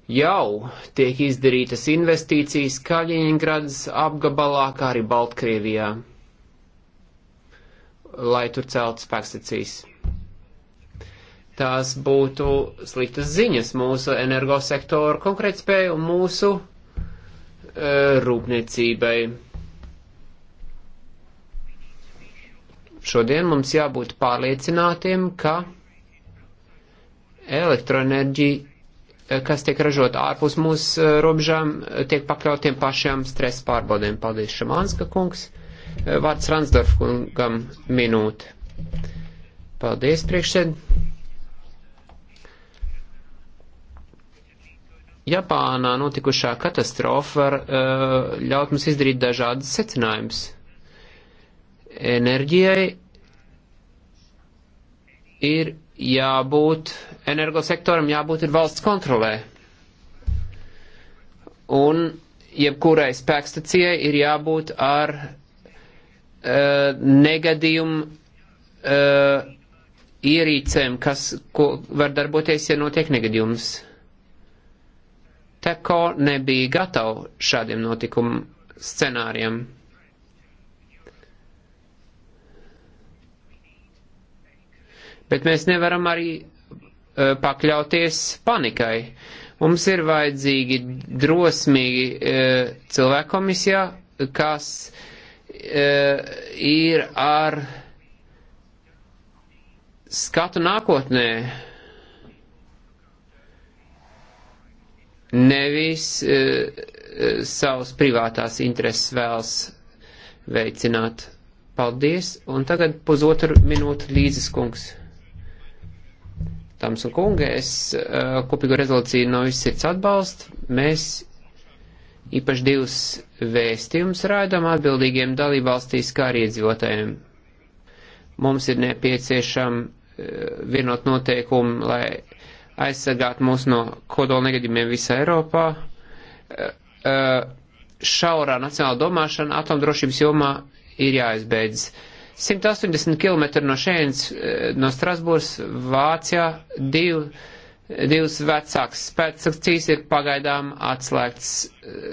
Speaker 1: Jau tiek izdarītas investīcijas Kaļiņgradas apgabalā, kā arī Baltkrievijā, lai tur celtu spēkstacijas tās būtu sliktas ziņas mūsu energosektoru konkrētspēju un mūsu e, rūpniecībai. Šodien mums jābūt pārliecinātiem, ka elektroenerģija, e, kas tiek ražot ārpus mūsu e, robežām, e, tiek pakļautiem pašiem stresa pārbaudēm. Paldies, Šamānska kungs. Vārds Ransdorf kungam minūte. Paldies, priekšsēdētāji. Japānā notikušā katastrofa var uh, ļaut mums izdarīt dažādas secinājumus. Enerģijai ir jābūt, energosektoram jābūt ir valsts kontrolē. Un jebkurai spēkstacijai ir jābūt ar uh, negadījumu uh, ierīcēm, kas ko, var darboties, ja notiek negadījums. Teko nebija gatava šādiem notikumu scenāriem. Bet mēs nevaram arī e, pakļauties panikai. Mums ir vajadzīgi drosmīgi e, cilvēku komisijā, kas e, ir ar skatu nākotnē. nevis uh, e, e, savas privātās intereses vēlas veicināt. Paldies, un tagad pusotru minūtu Līzes kungs. Tams un kungi, es uh, kopīgo rezolūciju no visirds atbalstu. Mēs īpaši divus vēstījumus rādām atbildīgiem dalībvalstīs, kā arī iedzīvotājiem. Mums ir nepieciešama vienot noteikumu, lai aizsargāt mūs no kodola negadījumiem visā Eiropā. Eh, eh, šaurā nacionāla domāšana atomdrošības jomā ir jāizbeidz. 180 km no šeins, eh, no Strasbūras, Vācijā, divi, divas vecākas spēkstacijas ir pagaidām atslēgts.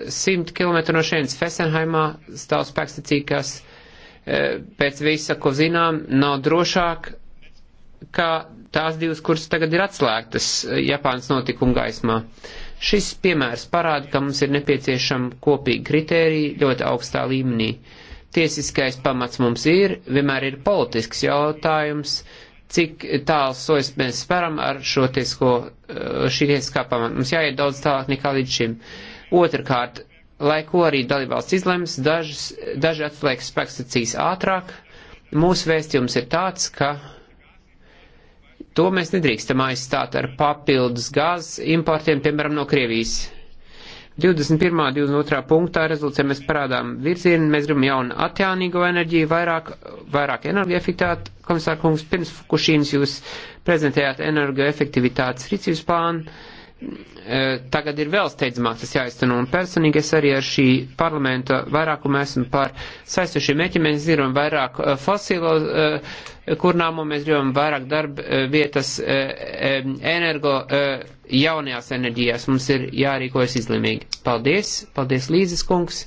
Speaker 1: 100 km no šeins, Fesenheimā, stāv spēkstacija, kas pēc visa, ko zinām, nav drošāk kā tās divas, kuras tagad ir atslēgtas eh, Japānas notikuma gaismā. Šis piemērs parāda, ka mums ir nepieciešama kopīga kritērija ļoti augstā līmenī. Tiesiskais pamats mums ir, vienmēr ir politisks jautājums, cik tāls sojas mēs speram ar šo tiesko, eh, šī tiesiskā pamata. Mums jāiet daudz tālāk nekā līdz šim. Otrakārt, lai ko arī dalībvalsts izlems, dažas, daži atslēgas spēkstacijas ātrāk. Mūsu vēstījums ir tāds, ka To mēs nedrīkstam aizstāt ar papildus gāzes importiem, piemēram, no Krievijas. 21. un 22. punktā rezolūcijā mēs parādām virzienu, mēs gribam jaunu atjaunīgo enerģiju, vairāk, vairāk energoefektivitāti. Komisār kungs, pirms Fukušīnas jūs prezentējāt energoefektivitātes rīcības plānu Eh, tagad ir vēl steidzamāk tas jāizteno, un personīgi es arī ar šī parlamenta vairākumu esmu par saistošiem mēķiem, mēs gribam vairāk eh, fosilo eh, kurnāmu, mēs gribam vairāk darba vietas energo jaunajās enerģijās, mums ir jārīkojas izlīmīgi. Paldies, paldies Līzes kungs.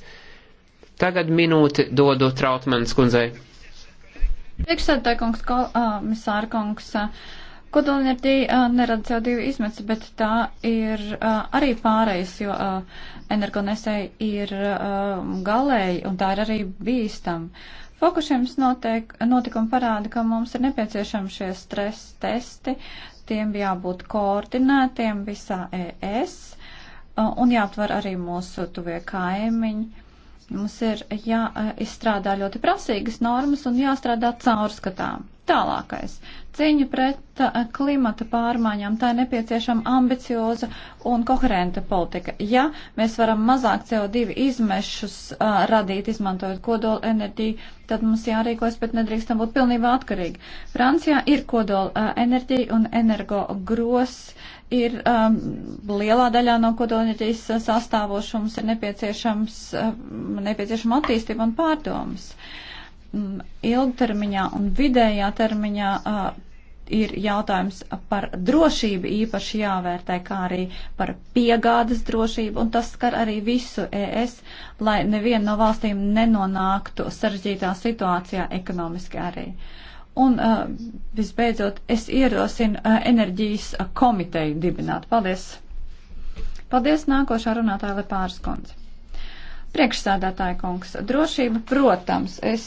Speaker 1: Tagad minūti dodu Trautmanas kundzei.
Speaker 2: Priekšsēdētāj kungs, komisāra kungs. Uh, Kodolenerģija uh, nerada CO2 izmetus, bet tā ir uh, arī pārējais, jo uh, energonesēji ir uh, galēji un tā ir arī bīstama. Fokušiems notikumi parāda, ka mums ir nepieciešami šie stres testi, tiem jābūt koordinētiem visā ES uh, un jāatver arī mūsu tuvie kaimiņi. Mums ir jāizstrādā ļoti prasīgas normas un jāstrādā caurskatām Tālākais. Cīņa pret eh, klimata pārmaiņām tā ir nepieciešama ambicioza un koherenta politika. Ja mēs varam mazāk CO2 izmešus uh, radīt, izmantojot kodola enerģiju, tad mums jārīkojas, bet nedrīkstam būt pilnībā atkarīgi. Francijā ir kodola uh, enerģija un energo gros ir um, lielā daļā no kodola enerģijas sastāvošums ir nepieciešams, uh, nepieciešama attīstība un pārdomas. Uh, Mm, ilgtermiņā un vidējā termiņā ir jautājums par drošību īpaši jāvērtē, kā arī par piegādes drošību, un tas skar arī visu ES, lai neviena no valstīm nenonāktu sarežģītā situācijā ekonomiski arī. Un uh, visbeidzot, es ierosinu uh, enerģijas komiteju dibināt. Paldies! Paldies nākošā runātāja Lepāras kundze. Priekšsādātāja kungs, drošība, protams, es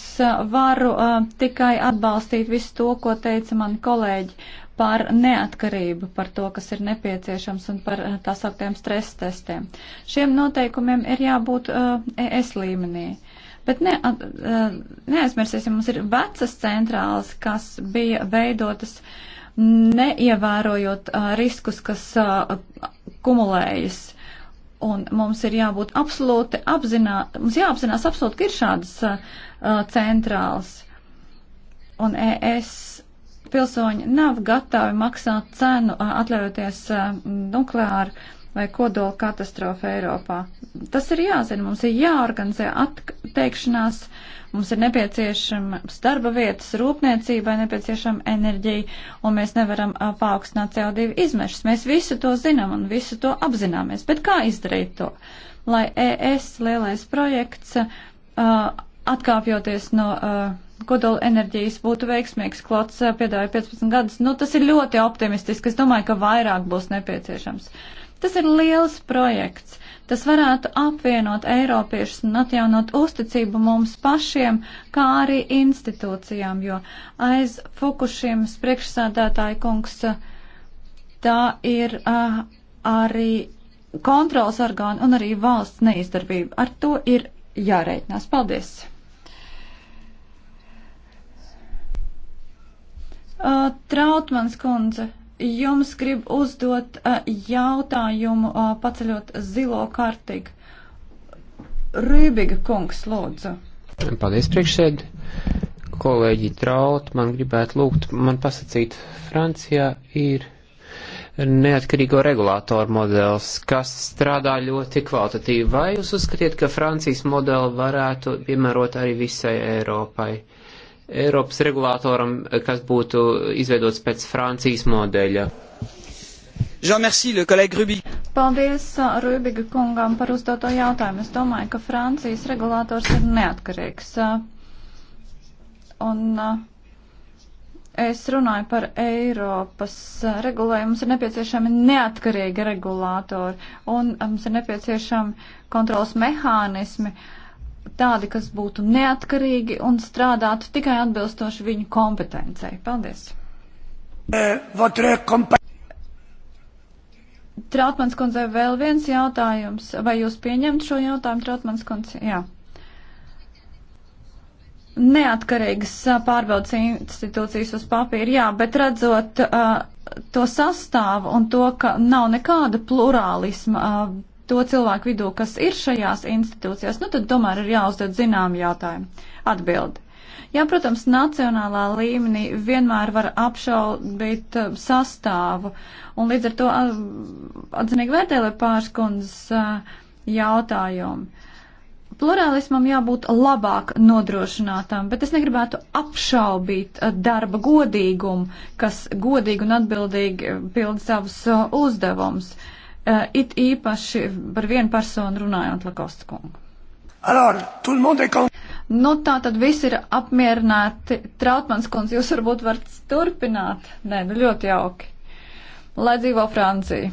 Speaker 2: varu uh, tikai atbalstīt visu to, ko teica mani kolēģi par neatkarību, par to, kas ir nepieciešams un par uh, tā sauktiem stresa testiem. Šiem noteikumiem ir jābūt uh, ES līmenī. Bet ne, uh, neaizmirsīsim, mums ir vecas centrālas, kas bija veidotas neievērojot uh, riskus, kas uh, kumulējas. Uh, Un mums ir jābūt absolūti apzinā, mums jāapzinās absolūti, ka ir šādas uh, centrāls. Un ES pilsoņi nav gatavi maksāt cenu, uh, atļaujoties uh, nukleāru vai kodola katastrofu Eiropā. Tas ir jāzina, mums ir jāorganizē atteikšanās. Uh, Mums ir nepieciešams darba vietas, rūpniecībai nepieciešama enerģija, un mēs nevaram paaugstināt CO2 izmešas. Mēs visu to zinām un visu to apzināmies. Bet kā izdarīt to? Lai ES lielais projekts uh, atkāpjoties no uh, kodola enerģijas būtu veiksmīgs. Klots uh, piedāvāja 15 gadus. Nu, tas ir ļoti optimistiski. Es domāju, ka vairāk būs nepieciešams. Tas ir liels projekts. Tas varētu apvienot Eiropiešus un atjaunot uzticību mums pašiem, kā arī institūcijām, jo aiz Fukušīmas priekšsādātāja kungs tā ir uh, arī kontrols orgāni un arī valsts neizdarbība. Ar to ir jārēķinās. Paldies! Uh, Trautmans kundze jums grib uzdot eh, jautājumu, eh, paceļot zilo kartiku. Rībiga kungs, lūdzu.
Speaker 1: Paldies, priekšsēd. Kolēģi Traut, man gribētu lūgt, man pasacīt, Francijā ir neatkarīgo regulātoru modelis, kas strādā ļoti kvalitatīvi. Vai jūs uzskatiet, ka Francijas modeli varētu piemērot arī visai Eiropai? Uh, Eiropas regulātoram, kas būtu izveidots pēc Francijas modeļa. Merci,
Speaker 2: Paldies uh, Rubiga kungam par uzdoto jautājumu. Es domāju, ka Francijas regulators ir neatkarīgs. Uh, un uh, es runāju par Eiropas regulējumu. Mums ir nepieciešami neatkarīgi regulātori un mums ir nepieciešami kontrols mehānismi. Uh, tādi, kas būtu neatkarīgi un strādātu tikai atbilstoši viņu kompetencei. Paldies! Trautmans kundze, vēl viens jautājums. Vai jūs pieņemt šo jautājumu, Trautmans kundze? Jā. Neatkarīgas pārbaudas institūcijas uz papīra, jā, bet redzot uh, to sastāvu un to, ka nav nekāda plurālisma uh, to cilvēku vidū, kas ir šajās institūcijās, nu tad tomēr ir jāuzdod zinām jautājumu. Atbildi. Jā, protams, nacionālā līmenī vienmēr var apšaubīt uh, sastāvu, un līdz ar to uh, atzinīgi vērtē Lepārskundz uh, jautājumu plurālismam jābūt labāk nodrošinātam, bet es negribētu apšaubīt darba godīgumu, kas godīgi un atbildīgi pild savus uzdevumus. Uh, Eh, it īpaši par vienu personu runājot Lakosta kungu. Nu, tā tad viss ir apmierināti. Trautmans kundze, jūs varbūt varat turpināt. Nē, nu ļoti jauki. Lai dzīvo Francija.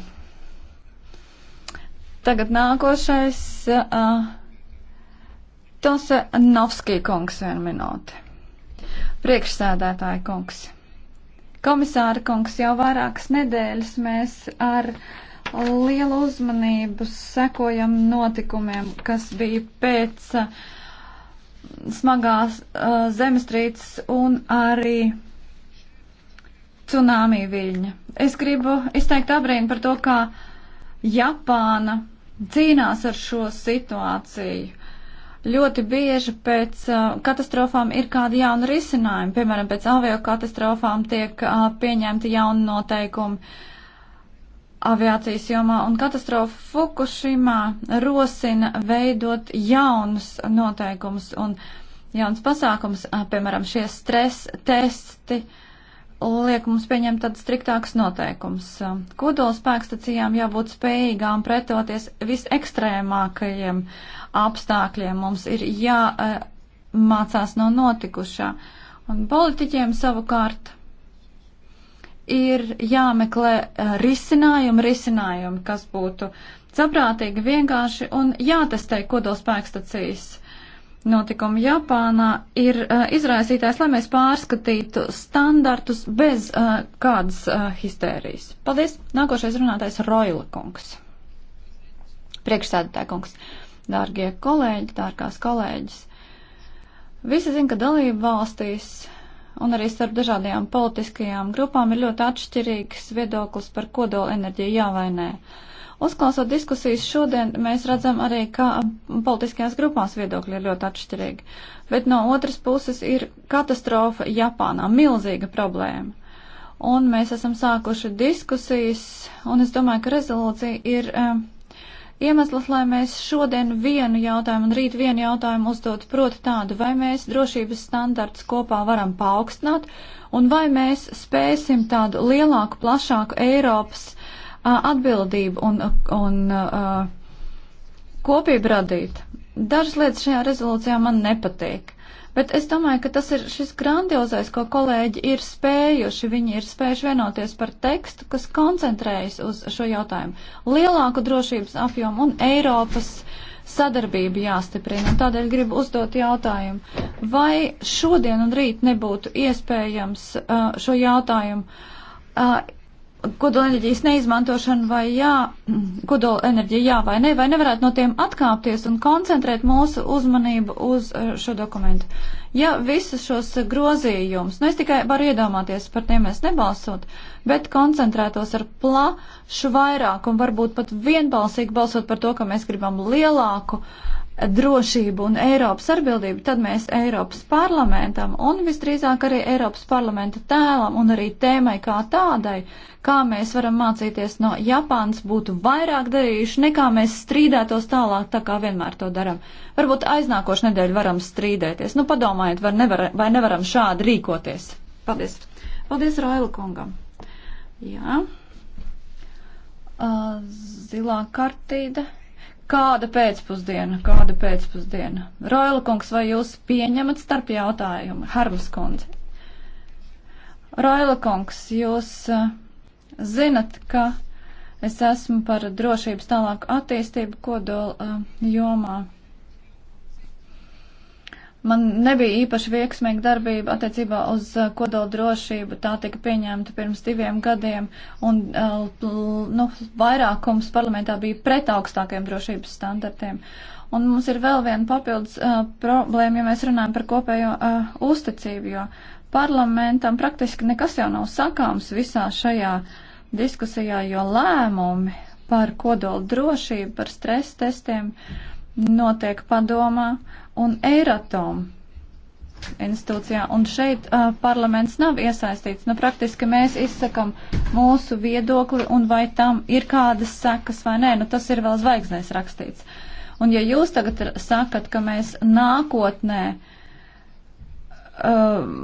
Speaker 2: Tagad nākošais. Uh, eh, Tose Novskī kungs vienu minūti. Priekšsēdētāja kungs. Komisāra kungs jau vairākas nedēļas mēs ar uh, lielu uzmanību sekojam notikumiem, kas bija pēc uh, smagās uh, zemestrīces un arī cunāmī viļņa. Es gribu izteikt abrīnu par to, kā Japāna cīnās ar šo situāciju. Ļoti bieži pēc uh, katastrofām ir kādi jauni risinājumi, piemēram, pēc avio katastrofām tiek uh, pieņemti jauni noteikumi. Uh, aviācijas jomā un katastrofa Fukushimā rosina veidot jaunus noteikumus un jauns pasākums, piemēram, šie stres testi liek mums pieņemt tad striktāks noteikums. Kodola spēkstacijām jābūt spējīgām pretoties visekstrēmākajiem apstākļiem. Mums ir jāmācās no notikušā. Un politiķiem savukārt ir jāmeklē risinājumi, risinājumi, kas būtu saprātīgi, vienkārši un jātestē kodolspēkstacijas notikumi Japānā ir uh, izraisītājs, lai mēs pārskatītu standartus bez uh, kādas uh, histērijas. Paldies! Nākošais runātais Roila kungs. Priekšsēdētāj kungs, dārgie kolēģi, dārgās kolēģis. Visi zin, ka dalība valstīs un arī starp dažādajām politiskajām grupām ir ļoti atšķirīgs viedoklis par kodola enerģiju jā vai nē. Uzklausot diskusijas šodien, mēs redzam arī, ka politiskajās grupās viedokļi ir ļoti atšķirīgi. Bet no otras puses ir katastrofa Japānā, milzīga problēma. Un mēs esam sākuši diskusijas, un es domāju, ka rezolūcija ir. Uh, iemesls, lai mēs šodien vienu jautājumu un rīt vienu jautājumu uzdot, proti tādu, vai mēs drošības standarts kopā varam paaugstināt, un vai mēs spēsim tādu lielāku, plašāku Eiropas a, atbildību un, un a, kopību radīt. Dažas lietas šajā rezolūcijā man nepatīk. Bet es domāju, ka tas ir šis grandiozais, ko kolēģi ir spējuši. Viņi ir spējuši vienoties par tekstu, kas koncentrējas uz šo jautājumu. Lielāku drošības apjomu un Eiropas sadarbību jāstiprina. Un tādēļ gribu uzdot jautājumu, vai šodien un rīt nebūtu iespējams uh, šo jautājumu. Uh, kodolenerģijas neizmantošanu vai jā, kodolenerģija jā vai ne, vai nevarētu no tiem atkāpties un koncentrēt mūsu uzmanību uz eh, šo dokumentu. Ja visus šos grozījumus, nu es tikai varu iedomāties, par tiem mēs nebalsot, bet koncentrētos ar plašu vairākumu, varbūt pat vienbalsīgi balsot par to, ka mēs gribam lielāku uh, drošību un Eiropas atbildību, tad mēs Eiropas parlamentam un visdrīzāk arī Eiropas parlamenta tēlam un arī tēmai kā tādai, kā mēs varam mācīties no Japānas, būtu vairāk darījuši, nekā mēs strīdētos tālāk, tā kā vienmēr to daram. Varbūt aiznākošu nedēļu varam strīdēties. Nu, padomājiet, var nevar, vai nevaram šādi rīkoties. Paldies. Paldies Raila kungam. Jā. Uh, zilā kartīda. Kāda pēcpusdiena, kāda pēcpusdiena? Roila kungs, vai jūs pieņemat starp jautājumu? Harvas kundze. Roila kungs, jūs eh, zinat, ka es esmu par drošības tālāku attīstību kodola eh, jomā. Man nebija īpaši veiksmīga darbība attiecībā uz uh, kodola drošību. Tā tika pieņemta pirms diviem gadiem, un uh, nu, vairākums parlamentā bija pret augstākiem drošības standartiem. Un mums ir vēl viena papildus uh, problēma, ja mēs runājam par kopējo uh, uzticību, jo parlamentam praktiski nekas jau nav sakāms visā šajā diskusijā, jo lēmumi par kodola drošību, par stresa testiem notiek padomā. Uh, un Eiratom institūcijā. Un šeit uh, parlaments nav iesaistīts. Nu, praktiski mēs izsakam mūsu viedokli un vai tam ir kādas sekas vai nē. Nu, tas ir vēl zvaigznēs rakstīts. Un ja jūs tagad sakat, ka mēs nākotnē uh,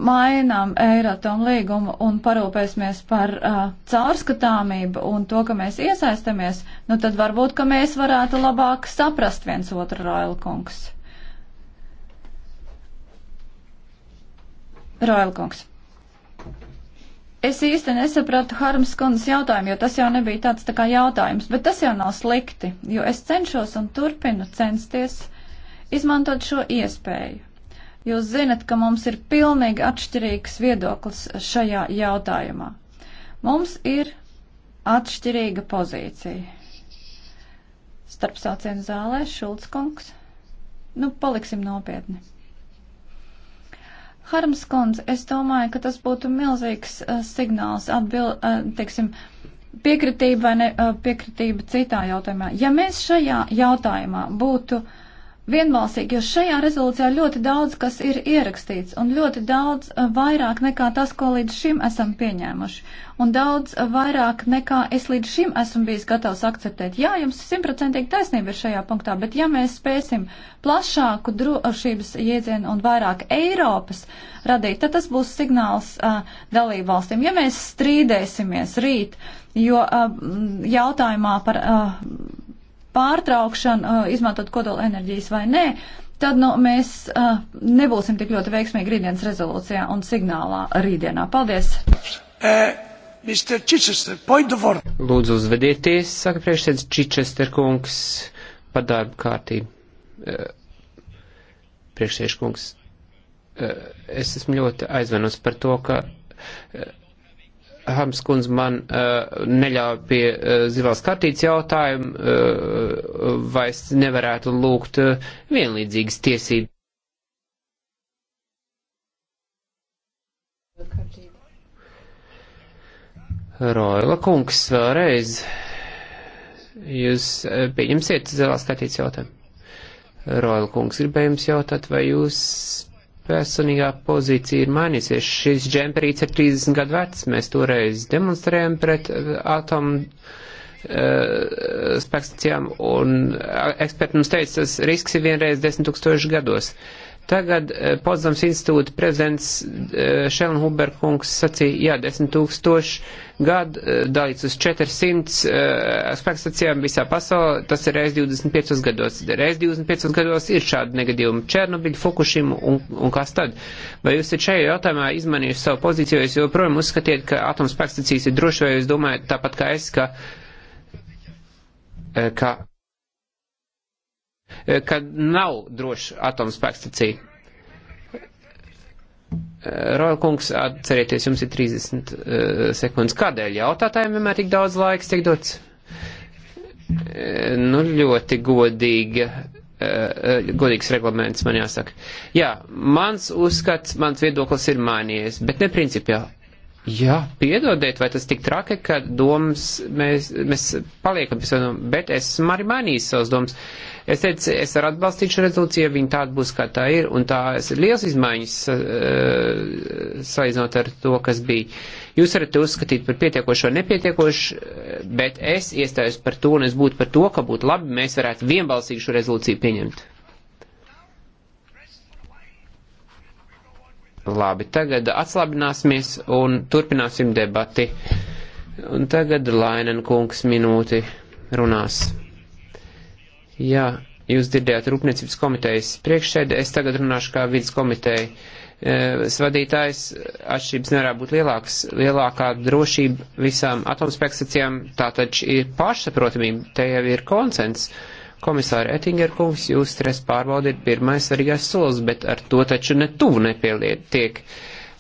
Speaker 2: mainām Eiratom līgumu un parūpēsimies par uh, caurskatāmību un to, ka mēs iesaistamies, nu tad varbūt, ka mēs varētu labāk saprast viens otru, Railkungs. Roilkungs. Es īsti nesapratu Harms kundas jautājumu, jo tas jau nebija tāds tā kā jautājums, bet tas jau nav slikti, jo es cenšos un turpinu censties izmantot šo iespēju. Jūs zinat, ka mums ir pilnīgi atšķirīgs viedoklis šajā jautājumā. Mums ir atšķirīga pozīcija. Starp saucienu zālē Šulc kungs. Nu, paliksim nopietni. Harms kundze, es domāju, ka tas būtu milzīgs uh, signāls atbil, uh, teiksim, piekritība vai ne uh, piekritība citā jautājumā. Ja mēs šajā jautājumā būtu uh, vienbalsīgi, jo šajā rezolūcijā ļoti daudz, kas ir ierakstīts, un ļoti daudz eh, vairāk nekā tas, ko līdz šim esam pieņēmuši, un daudz eh, vairāk nekā es līdz šim esmu bijis gatavs akceptēt. Jā, jums simtprocentīgi taisnība ir šajā punktā, bet ja mēs spēsim plašāku drošības jēdzienu un vairāk Eiropas radīt, tad tas būs signāls uh, dalību valstīm. Ja mēs strīdēsimies rīt, jo uh, jautājumā par. Uh, pārtraukšanu, uh, izmantot kodola enerģijas vai nē, tad nu, mēs uh, nebūsim tik ļoti veiksmīgi rītdienas rezolūcijā un signālā rītdienā. Paldies!
Speaker 1: Eh, Lūdzu, uzvedieties, saka priekšsēdz Čičester kungs, par darbu kārtību. Eh, priekšsēdz kungs, eh, es esmu ļoti aizvenos par to, ka Hams kundze man uh, neļauj pie uh, zilās kartītes jautājumu, uh, vai es nevarētu lūgt uh, vienlīdzīgas tiesības. Roila kungs, vēlreiz, jūs uh, pieņemsiet zilās kartītes jautājumu. Roila kungs, gribēju jums jautāt, vai jūs personīgā pozīcija ir mainīsies. Šis džemperīts ir 30 gadu vecs, mēs toreiz demonstrējam pret uh, atomu uh, spēkstacijām, un uh, eksperti mums teica, tas risks ir vienreiz 10 tūkstoši gados. Uh, Tagad eh, Potsdams institūta prezidents eh, Šelnhuber kungs sacīja, jā, 10 tūkstoši gadu, eh, dalīts uz 400 spēkstacijām visā pasaulē, tas ir reiz 25 gados. Reiz 25 gados ir šādi negadījumi Černobiļu, Fukušimu un, un kas tad? Vai jūs ir šajā jautājumā izmanījuši savu pozīciju, jo jūs joprojām uzskatiet, ka atomspēkstacijas ir droši, vai jūs domājat tāpat kā es, ka, ka Eh, kad nav droši atomspēkstacija. Eh, Royal kungs, atcerieties, jums ir 30 uh, eh, sekundes. Kādēļ jautātājiem vienmēr tik daudz laiks tiek dots? Uh, nu, ļoti godīga, uh, godīgs reglaments man jāsaka. Jā, mans uzskats, mans viedoklis ir mainījies, bet ne principiāli. Jā, piedodiet, vai tas tik traki, ka domas mēs, mēs paliekam pie savām, bet esmu arī mainījis savas domas. Es teicu, es varu atbalstīt šo rezolūciju, ja viņa tāda būs, kā tā ir, un tās ir liels izmaiņas uh, salīdzinot ar to, kas bija. Jūs varat to uzskatīt par pietiekošo, nepietiekošu, bet es iestājos par to, un es būtu par to, ka būtu labi, mēs varētu vienbalsīgi šo rezolūciju pieņemt. Labi, tagad atslābināsimies un turpināsim debati. Un tagad Lainen kungs minūti runās. Jā, jūs dzirdējāt Rūpniecības komitejas priekšsēdi, es tagad runāšu kā vidas komiteja. E, svadītājs atšķirības nevarētu būt lielāks. Lielākā drošība visām atomspēkstacijām tā taču ir pašsaprotamība, te jau ir konsens. Uh, Komisāri Ettinger kungs, jūs stres pārbaudi ir pirmais svarīgais solis, bet ar to taču ne tuvu nepielietiek.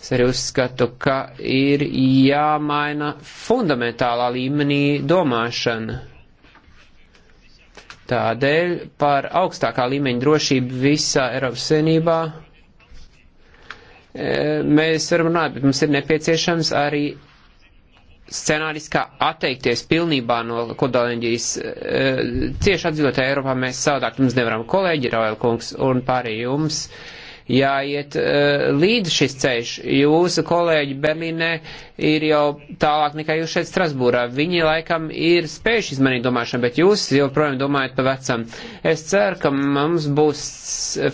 Speaker 1: Es arī uzskatu, ka ir jāmaina fundamentālā līmenī domāšana. Tādēļ par augstākā līmeņa drošību visā Eiropas senībā e, mēs varam runāt, bet mums ir nepieciešams arī scenārijs, kā atteikties pilnībā no kodolenerģijas. E, cieši atdzīvotā Eiropā mēs savādāk jums nevaram kolēģi, Royal kungs, un pārī jums jāiet e, līdz šis ceļš. Jūsu kolēģi Berlīnē ir jau tālāk nekā jūs šeit Strasbūrā. Viņi laikam ir spējuši izmanīt domāšanu, bet jūs joprojām domājat pa vecam. Es ceru, ka mums būs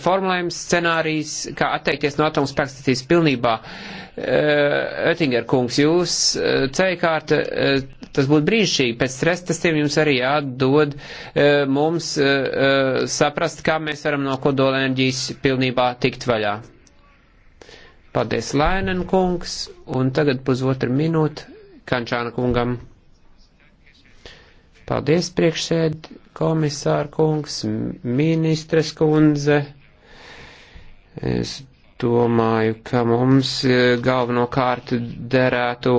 Speaker 1: formulējums scenārijs, kā atteikties no atomspēkstatīs pilnībā. Uh, Ötinger eh, kungs, jūs eh, ceļkārt, eh, tas būtu brīnišķīgi, pēc stresa testiem jums arī jādod mums saprast, kā mēs varam no kodolenerģijas pilnībā tikt vaļā. Paldies, Lainen kungs, un tagad pusotru minūtu Kančāna kungam. Paldies, priekšsēd, komisāra kungs, ministres kundze. Es domāju, ka mums e, galvenokārt derētu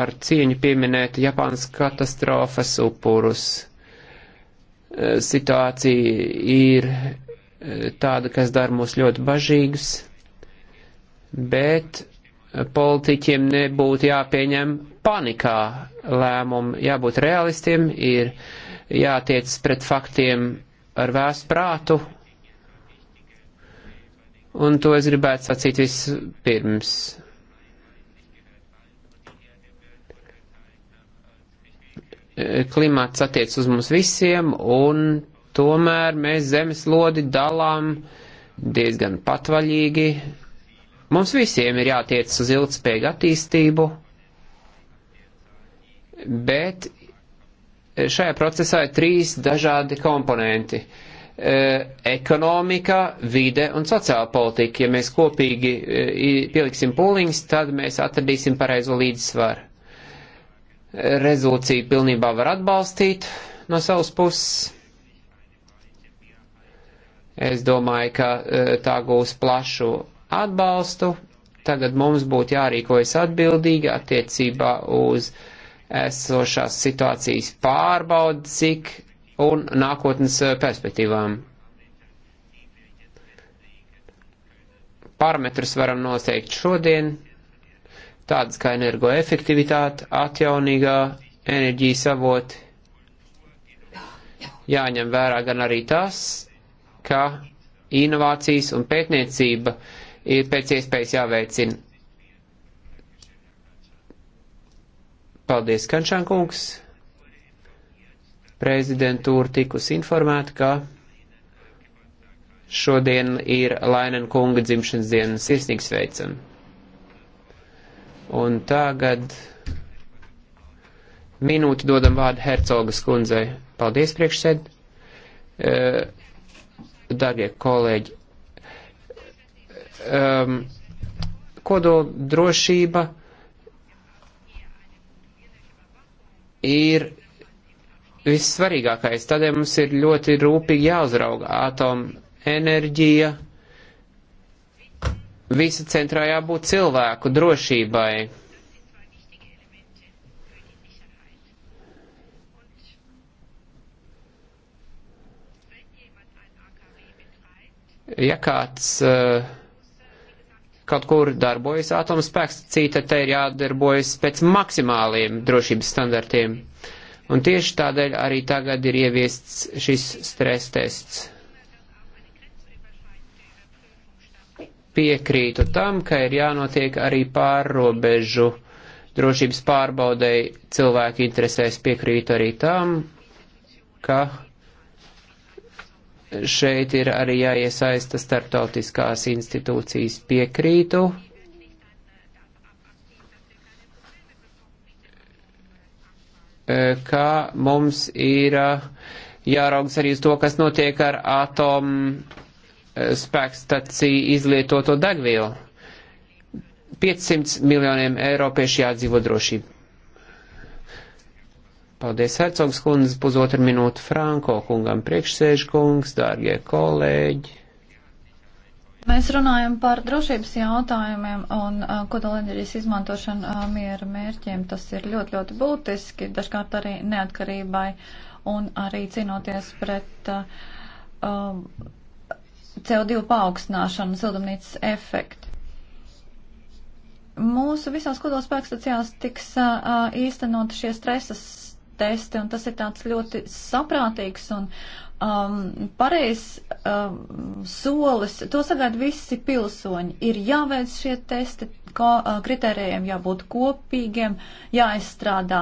Speaker 1: ar cieņu pieminēt Japānas katastrofas upurus. E, situācija ir e, tāda, kas dara mūs ļoti bažīgus, bet politiķiem nebūtu jāpieņem panikā lēmumi, jābūt realistiem, ir jātiec pret faktiem ar vēstu prātu Un to es gribētu sacīt vispirms. Klimats attiec uz mums visiem, un tomēr mēs zemeslodi dalām diezgan patvaļīgi. Mums visiem ir jātiec uz ilgspējīgu attīstību, bet šajā procesā ir trīs dažādi komponenti. Uh, E, ekonomika, vide un sociāla politika. Ja mēs kopīgi e, pieliksim pūliņus, tad mēs atradīsim pareizo līdzsvaru. Rezolūciju pilnībā var atbalstīt no savas puses. Es domāju, ka e, tā gūs plašu atbalstu. Tagad mums būtu jārīkojas atbildīgi attiecībā uz esošās situācijas pārbaudi, cik un nākotnes eh, perspektīvām. Parametrus varam noteikt šodien, tādas kā energoefektivitāte, atjaunīgā enerģijas avoti. Jāņem vērā gan arī tas, ka inovācijas un pētniecība ir pēc iespējas jāveicina. Paldies, Kančankungs! prezidentūra tikusi informēta, ka šodien ir Lainen kunga dzimšanas dienas sirsnīgs veicam. Un tagad minūti dodam vārdu Hercogas kundzei. Paldies priekšsēd. E, Dargie kolēģi, um, e, kodola drošība ir vissvarīgākais. Tādēļ mums ir ļoti rūpīgi jāuzrauga atomu enerģija. Visa centrā jābūt cilvēku drošībai. ja kāds uh, kaut kur darbojas atomspēks, cita te ir jādarbojas pēc maksimāliem drošības standartiem. Un tieši tādēļ arī tagad ir ieviests šis stres tests. Piekrītu tam, ka ir jānotiek arī pārrobežu drošības pārbaudei cilvēku interesēs. Piekrītu arī tam, ka šeit ir arī jāiesaista starptautiskās institūcijas piekrītu ka mums ir uh, jāraugs arī uz to, kas notiek ar atomu uh, spēkstaciju izlietoto degvielu. 500 miljoniem eiropiešu jādzīvo drošību. Paldies, Hercogs kundze, pusotru minūtu Franko kungam priekšsēžu kungs, dārgie kolēģi.
Speaker 2: Mēs runājam par drošības jautājumiem un uh, kodolenerģijas izmantošanu uh, miera mērķiem. Tas ir ļoti, ļoti būtiski, dažkārt arī neatkarībai un arī cīnoties pret uh, um, CO2 paaugstināšanu, sildumnīcas efektu. Mūsu visās kodolspēkstacijās tiks uh, īstenot šie stresas testi, un tas ir tāds ļoti saprātīgs un um, pareizs um, solis, to sagaida visi pilsoņi. Ir jāveic šie testi, ko, uh, kritērijiem jābūt kopīgiem, jāizstrādā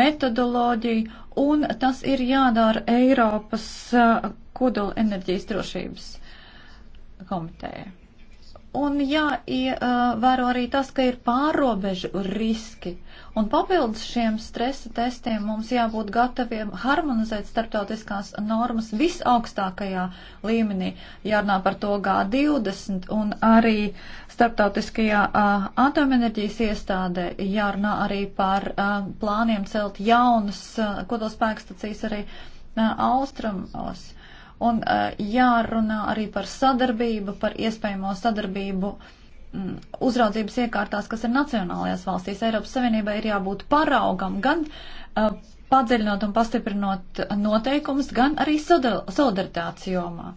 Speaker 2: metodoloģija, un tas ir jādara Eiropas uh, kodola enerģijas drošības komitējai. Un jāievēro arī tas, ka ir pārobežu riski. Un papildus šiem stresa testiem mums jābūt gataviem harmonizēt starptautiskās normas visaugstākajā līmenī. Jārunā par to G20 un arī starptautiskajā uh, atomenerģijas iestādē. Jārunā arī par uh, plāniem celt jaunas uh, kodolspēkstacijas arī uh, austrumos un uh, jārunā arī par sadarbību, par iespējamo sadarbību mm, uzraudzības iekārtās, kas ir nacionālajās valstīs. Eiropas Savienībai ir jābūt paraugam gan uh, padziļinot un pastiprinot noteikumus, gan arī solidaritātes jomā.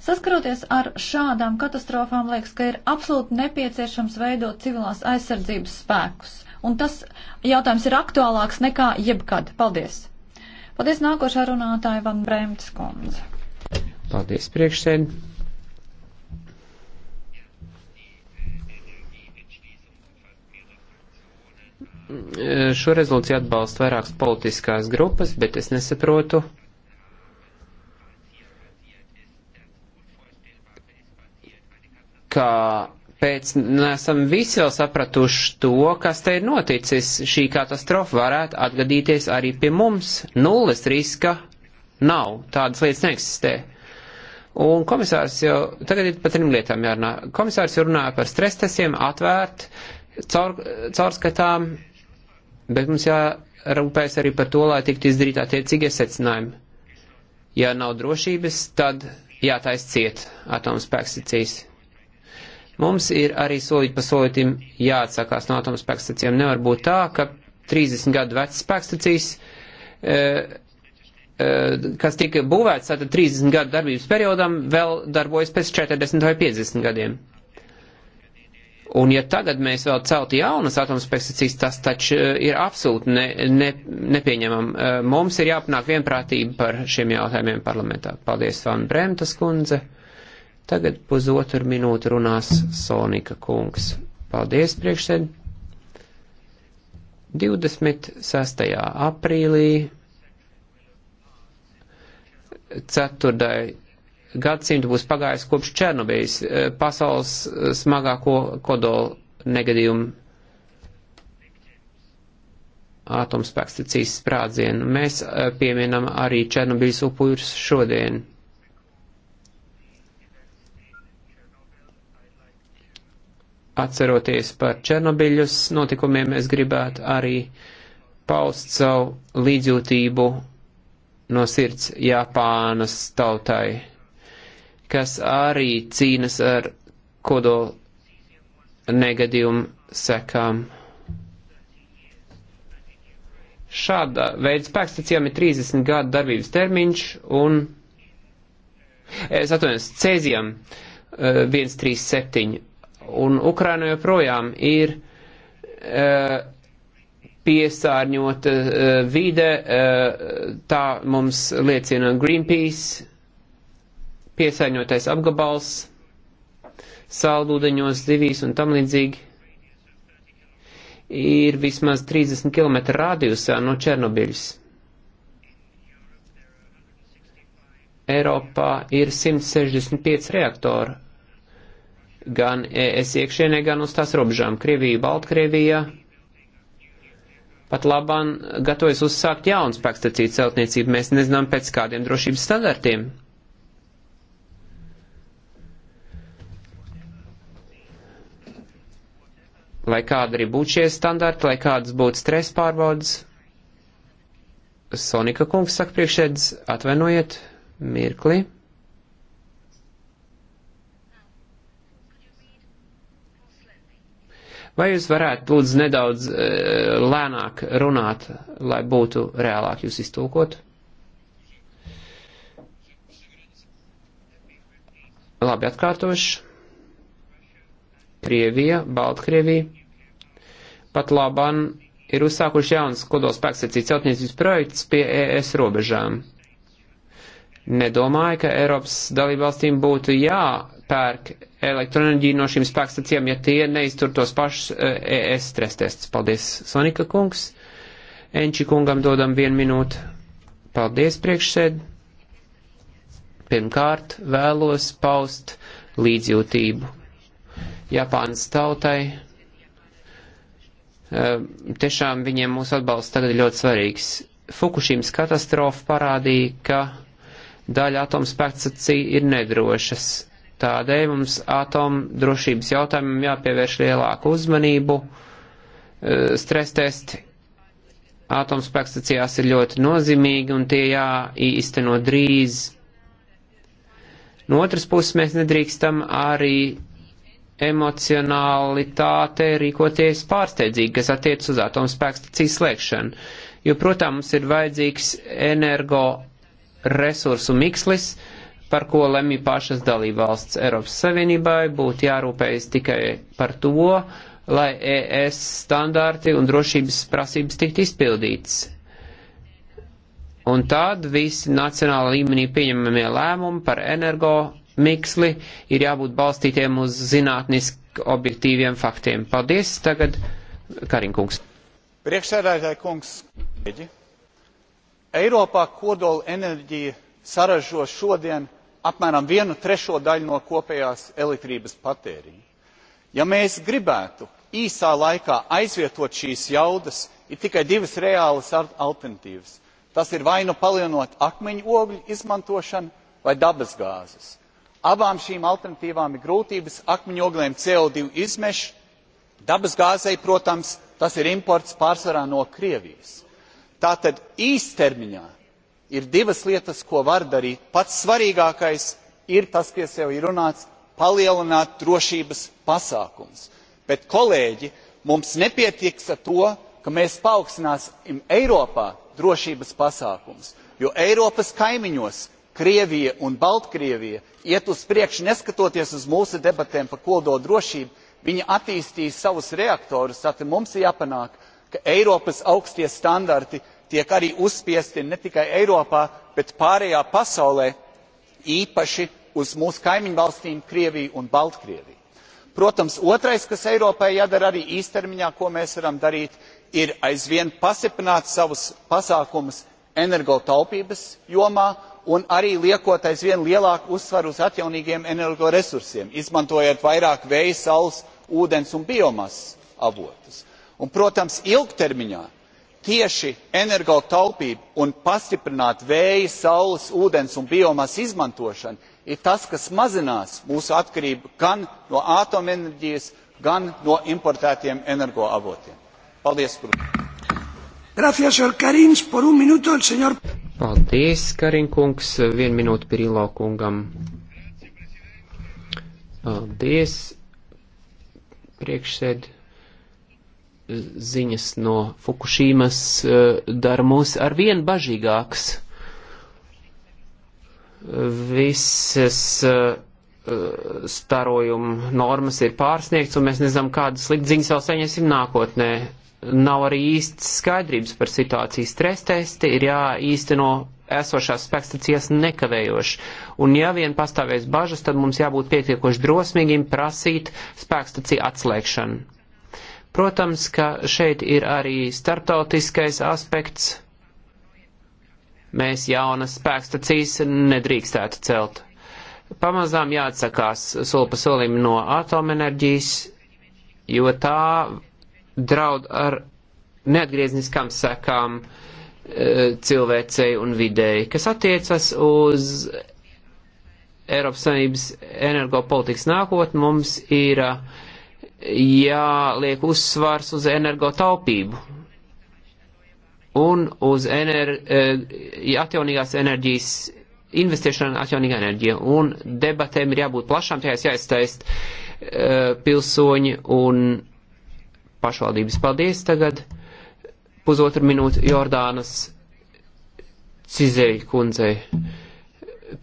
Speaker 2: Saskaroties ar šādām katastrofām, liekas, ka ir absolūti nepieciešams veidot civilās aizsardzības spēkus. Un tas jautājums ir aktuālāks nekā jebkad. Paldies! Paldies nākošā runātāja Van Bremtes kundze.
Speaker 1: Paldies priekšsēd. Šo rezolūciju atbalsta vairākas politiskās grupas, bet es nesaprotu, ka pēc nesam visi vēl sapratuši to, kas te ir noticis. Šī katastrofa varētu atgadīties arī pie mums. Nulles riska nav. Tādas lietas neeksistē. Uh, Un komisārs jau, tagad ir par trim lietām jārunā. Komisārs jau runāja par stresstesiem, atvērt, caur, caurskatām, bet mums jārūpējas arī par to, lai tiktu izdarītā tiecīgie secinājumi. Ja nav drošības, tad jātais ciet atomspēkstacijas. Mums ir arī solīt pa solītim jāatsakās no atomspēkstacijām. Nevar būt tā, ka 30 gadu vecs spēkstacijas e, Eh, kas tika būvēts tātad 30 gadu darbības periodam, vēl darbojas pēc 40 vai 50 gadiem. Un ja tagad mēs vēl celtu jaunas atomspēkstacijas, tas taču eh, ir absolūti ne, ne, nepieņemam. Eh, mums ir jāpanāk vienprātība par šiem jautājumiem parlamentā. Paldies, Van Bremtas kundze. Tagad pusotru minūtu runās Sonika kungs. Paldies, priekšsēd. 26. aprīlī ceturtdai gadsimtu būs pagājis kopš Černobijas, e, pasaules e, smagāko kodolu negadījumu atomspēkstacijas sprādzienu. Mēs e, pieminam arī Černobijas upurus šodien. Atceroties par Černobiļus notikumiem, es gribētu arī paust savu līdzjūtību no sirds Japānas tautai, kas arī cīnas ar kodol negadījumu sekām. Šāda veida spēkstacijām ir 30 gadu darbības termiņš un, es atvainojos, cēzijam 137 eh, un Ukraina joprojām ir uh, piesārņota uh, eh, vide, uh, tā mums liecina Greenpeace, piesārņotais apgabals, saldūdeņos, zivīs un tam līdzīgi ir vismaz 30 km radiusā no Černobiļas. Eiropā ir 165 reaktori, gan ES iekšienē, gan uz tās robežām - Krievija, Baltkrievija, pat labāk gatavojas uzsākt jaunu spēkstacītu celtniecību. Mēs nezinām pēc kādiem drošības standartiem. Lai kāda arī būtu šie standarti, lai kādas būtu stresa pārbaudas. Sonika kungs saka priekšēdz, atvainojiet, mirkli. Vai jūs varētu lūdzu nedaudz e, lēnāk runāt, lai būtu reālāk jūs iztulkot? Labi, atkārtošu. Krievija, Baltkrievija. Pat labam ir uzsākuši jauns kodolspēkstacīts celtniecības projekts pie ES robežām nedomāju, ka Eiropas dalībvalstīm būtu jā pērk elektroenerģiju no šīm spēkstacijām, ja tie neiztur tos pašus ES eh, e stres testus. Paldies, Sonika kungs. Enči kungam dodam vienu minūtu. Paldies, priekšsēd. Pirmkārt, vēlos paust līdzjūtību Japānas tautai. Eh, tiešām viņiem mūsu atbalsts tagad ir ļoti svarīgs. Fukušīmas katastrofa parādīja, ka daļa atomspēkstacija ir nedrošas Tādēļ mums atomdrošības jautājumam jāpievērš lielāku uzmanību. E, Stres testi atomspēkstacijās ir ļoti nozīmīgi un tie jāīsteno drīz. No otras puses mēs nedrīkstam arī emocionālitāte rīkoties pārsteidzīgi, kas attiec uz atomspēkstacijas slēgšanu. Jo, protams, mums ir vajadzīgs energo resursu mikslis, uh, par ko lemj pašas dalībvalsts. Eiropas Savienībai būtu jārūpējas tikai par to, lai ES standārti un drošības prasības tiktu izpildītas. Un tad visi nacionāla līmenī pieņemamie lēmumi par energo miksli ir jābūt balstītiem uz zinātniski objektīviem faktiem. Paldies, tagad Karinkungs.
Speaker 4: Priekšsēdētāji kungs, Eiropā kodola enerģija saražo šodien apmēram vienu trešo daļu no kopējās elektrības patēriņa. ja mēs gribētu īsā laikā aizvietot šīs jaudas ir tikai divas reālas alternatīvas tas ir vai nu palielinot akmeņogļu izmantošanu vai dabasgāzes. abām šīm alternatīvām ir grūtības akmeņoglēm co izmeši dabasgāzei protams tas ir imports pārsvarā no krievijas. tātad īstermiņā ir divas lietas, ko var darīt. Pats svarīgākais ir tas, kas jau ir runāts - palielināt drošības pasākums. Bet, kolēģi, mums nepietiks ar to, ka mēs paaugstināsim Eiropā drošības pasākums, jo Eiropas kaimiņos Krievija un Baltkrievija iet uz priekšu neskatoties uz mūsu debatēm par kodoldrošību, viņi attīstīs savus reaktorus, tātad mums ir jāpanāk, ka Eiropas augstie standarti tiek arī uzspiesti ne tikai eiropā bet pārējā pasaulē īpaši uz mūsu kaimiņvalstīm krieviju un baltkrieviju. protams otrais kas eiropai jādara arī īstermiņā ko mēs varam darīt ir aizvien pastiprināt savus pasākumus energotaupības jomā un arī liekot aizvien lielāku uzsvaru uz atjaunīgiem energoresursiem izmantojot vairāk vēja saules ūdens un biomasas avotus. un protams ilgtermiņā tieši energotaupība un pastiprināta vēja saules ūdens un biomasas izmantošana ir tas kas mazinās mūsu atkarību gan no atomenerģijas gan no importētiem energoavotiem. paldies!
Speaker 1: Paldies, Karinkungs, vienu minūtu Pirilo kungam. Paldies, priekšsēdētāji ziņas no Fukushīmas e, dara mūs ar vien bažīgāks. Visas e, e, starojuma normas ir pārsniegts, un mēs nezinām, kādas slikt ziņas vēl saņemsim nākotnē. Nav arī īsts skaidrības par situāciju. Stres testi ir jāīsteno esošās spēkstacijas nekavējoši. Un ja vien pastāvēs bažas, tad mums jābūt pietiekoši drosmīgiem prasīt spēkstaciju atslēgšanu Protams, ka šeit ir arī starptautiskais aspekts. Mēs jaunas spēkstacijas nedrīkstētu celt. Pamazām jāatsakās soli pa solim no atomenerģijas, jo tā draud ar neatgriezniskām sekām e, cilvēcei un videi, kas attiecas uz Eiropas Savienības energopolitikas nākotni, mums ir uh, jāliek uzsvars uz energotaupību un uz ener, eh, atjaunīgās enerģijas investēšana atjaunīgā enerģija. Un debatēm ir jābūt plašām, tajās jāiztaist eh, pilsoņi un pašvaldības. Paldies tagad. Pusotru minūtu Jordānas Cizēja kundzei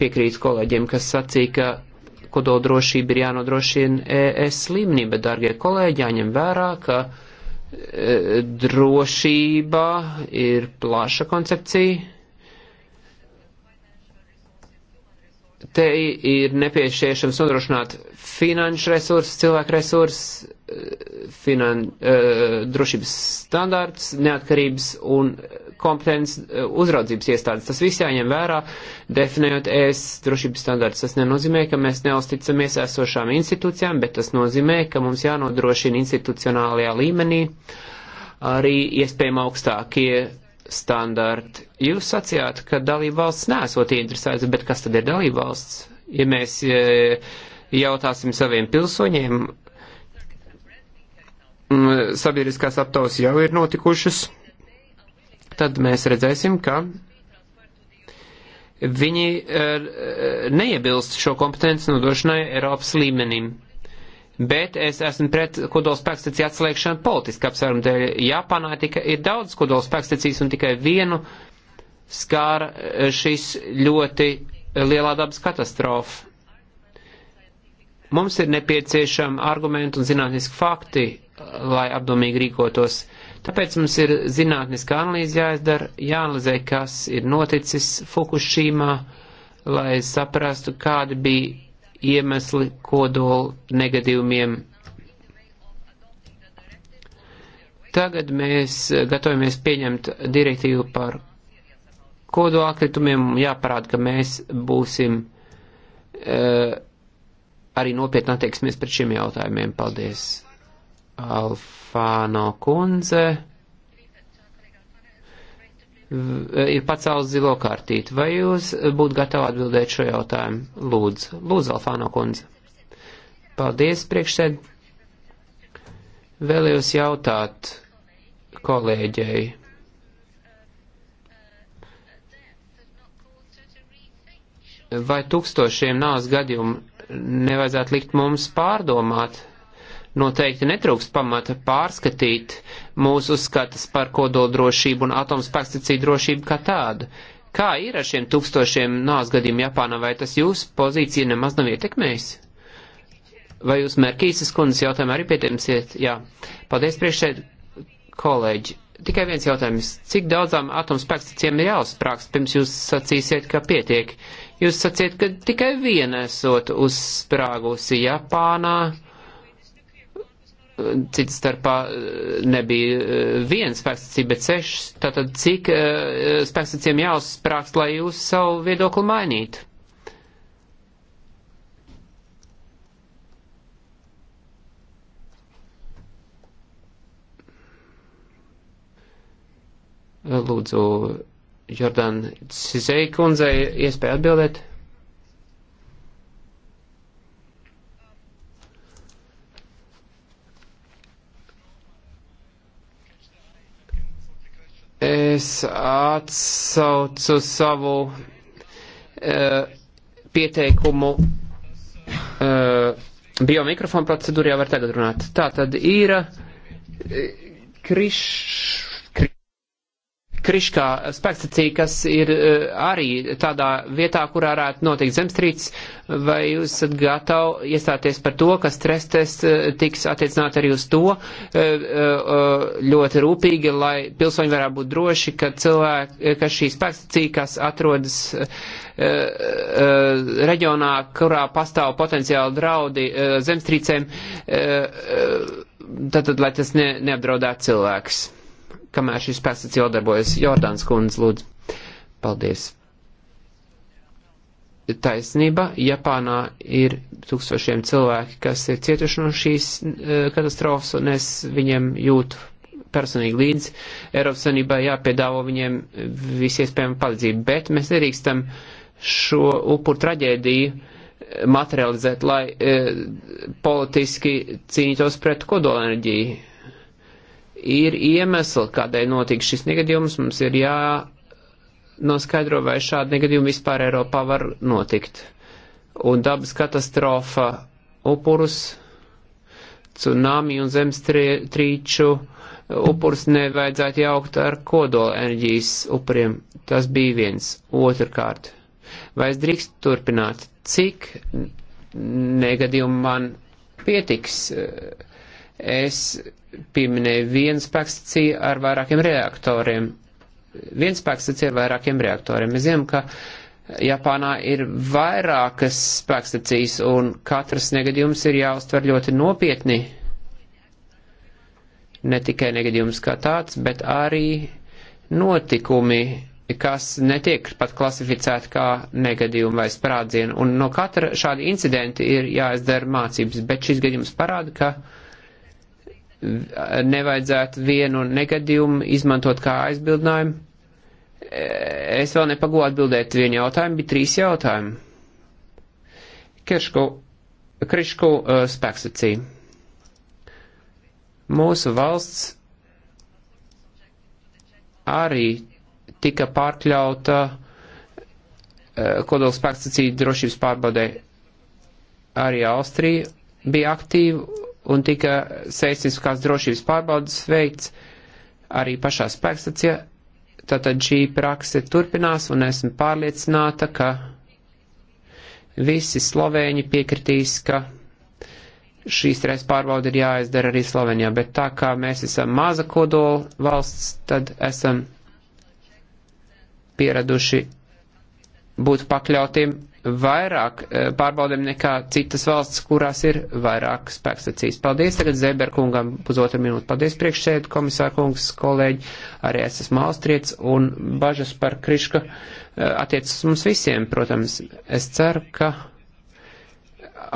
Speaker 1: piekrīt kolēģiem, kas sacīja, ka kodoldrošība ir jānodrošina ES līmenī, bet, dārgie kolēģi, jāņem vērā, ka e, drošība ir plaša koncepcija. Te ir nepieciešams nodrošināt finanšu resursus, cilvēku resursus, e, finan, e, drošības standārts, neatkarības un kompetences eh, uzraudzības iestādes. Tas viss jāņem vērā, definējot ES drošības standartus. Tas nenozīmē, ka mēs neusticamies esošām institūcijām, bet tas nozīmē, ka mums jānodrošina institucionālajā līmenī arī iespējami augstākie standarti. Jūs sacījāt, ka dalība valsts nesot interesētas, bet kas tad ir dalība valsts? Ja mēs eh, jautāsim saviem pilsoņiem, mm, sabiedriskās aptaujas jau ir notikušas, tad mēs redzēsim, ka viņi e, neiebilst šo kompetenci nodošanai Eiropas līmenim. Bet es esmu pret kodolspēkstaciju atslēgšanu politiski apsvērumu dēļ. Japānā tika, ir daudz kodolspēkstacijas un tikai vienu skāra e, šis ļoti lielā dabas katastrofa. Mums ir nepieciešama argumenti un zinātniski fakti, lai apdomīgi rīkotos. Tāpēc mums ir zinātniska analīze jāizdara, jāanalizē, kas ir noticis Fukushīmā, lai saprastu, kādi bija iemesli kodolu negadījumiem tagad mēs gatavojamies pieņemt direktīvu par kodola atkritumiem, jāparāda, ka mēs būsim uh, arī nopietni attieksimies pret šiem jautājumiem. Paldies, Alf. Alfāno kundze e, ir pacēlis zilo kārtīti. Vai jūs būtu gatavi atbildēt šo jautājumu? Lūdzu, lūdzu, Alfāno kundze. Paldies, priekšsēd. Vēlējos jautāt kolēģei. Vai tūkstošiem nāves gadījumu nevajadzētu likt mums pārdomāt noteikti netrūkst pamata pārskatīt mūsu uzskatas par kodoldrošību un atomspēkstacīju drošību kā tādu. Kā ir ar šiem tūkstošiem nāves gadījumu Japānā, vai tas jūsu pozīciju nemaz nav ietekmējis? Vai jūs Merkīsas kundzes jautājumu arī pietiemsiet? Jā. Paldies priekšēd, kolēģi. Tikai viens jautājums. Cik daudzām atomspēkstacijām ir jāuzsprākst, pirms jūs sacīsiet, ka pietiek? Jūs sacīsiet, ka tikai viena esot uzsprāgusi Japānā cits starpā eh, nebija eh, viens spēkstacība, bet sešas. Tātad cik eh, spēkstaciem jāuzsprākst, lai jūs savu viedokli mainītu? Lūdzu, Jordan Cizei kundzei iespēja atbildēt. es atsaucu savu e, pieteikumu e, biomikrofonu procedūru, jau var tagad runāt. Tā tad ir
Speaker 4: e,
Speaker 1: kriš, Kriškā spēkstacija, kas ir e, arī tādā vietā, kurā varētu notikt zemstrīts, vai jūs esat gatavi iestāties par to, ka stres tests e, tiks attiecināt arī uz to e, ļoti rūpīgi, lai pilsoņi varētu būt droši, ka, cilvēki, ka šī spēkstacija, kas atrodas reģionā, kurā pastāv potenciāli draudi zemstrīcēm, tad, tad lai tas ne, neapdraudētu cilvēks kamēr šī spēkstacija vēl darbojas. Jordāns kundze, lūdzu. Paldies. Taisnība, Japānā ir tūkstošiem cilvēki, kas ir cietuši no šīs eh, katastrofas, un es viņiem jūtu personīgi līdzi. Eiropas Sanībā jāpiedāvo viņiem visiespējama palīdzība, bet mēs nedrīkstam šo upuru traģēdiju uh, materializēt, lai e, politiski cīnītos pret kodolenerģiju ir iemesli, kādēļ notika šis negadījums. Mums ir jānoskaidro, vai šādi negadījumi vispār Eiropā var notikt. Un dabas katastrofa upurus, tsunami un zemstrīču upurus nevajadzētu jaukt ar kodola enerģijas upuriem. Tas bija viens. Otrkārt, vai es drīkst turpināt, cik negadījumu man pietiks? Uh, Es pieminēju vienu spēkstaciju ar vairākiem reaktoriem. Viens spēkstacija ar vairākiem reaktoriem. Mēs zinām, ka Japānā ir vairākas spēkstacijas un katras negadījums ir jāuztver ļoti nopietni. Ne tikai negadījums kā tāds, bet arī notikumi, kas netiek pat klasificēti kā negadījumi vai sprādzieni. Un no katra šāda incidenta ir jāizdara mācības, bet šis gadījums parāda, ka nevajadzētu vienu negadījumu izmantot kā aizbildinājumu. E, es vēl nepagu atbildēt vienu jautājumu, bija trīs jautājumi. Kiršku, Krišku uh, e, spēksacīja. Mūsu valsts arī tika pārkļauta uh, kodola spēksacīja drošības pārbaudē. Arī Austrija bija aktīva un tika seismiskās drošības pārbaudas veikts arī pašā spēkstacijā. Tātad šī prakse turpinās un esmu pārliecināta, ka visi slovēņi piekritīs, ka šīs reizes pārbauda ir jāizdara arī Slovenijā, bet tā kā mēs esam maza kodola valsts, tad esam pieraduši būt pakļautiem vairāk eh, pārbaudēm nekā citas valsts, kurās ir vairāk spēkstacijas. Paldies tagad Zeberkungam pusotru minūtu. Paldies priekšsēdu komisārkungs, kolēģi, arī es esmu Austriets un bažas par Kriška eh, attiecas mums visiem, protams. Es ceru, ka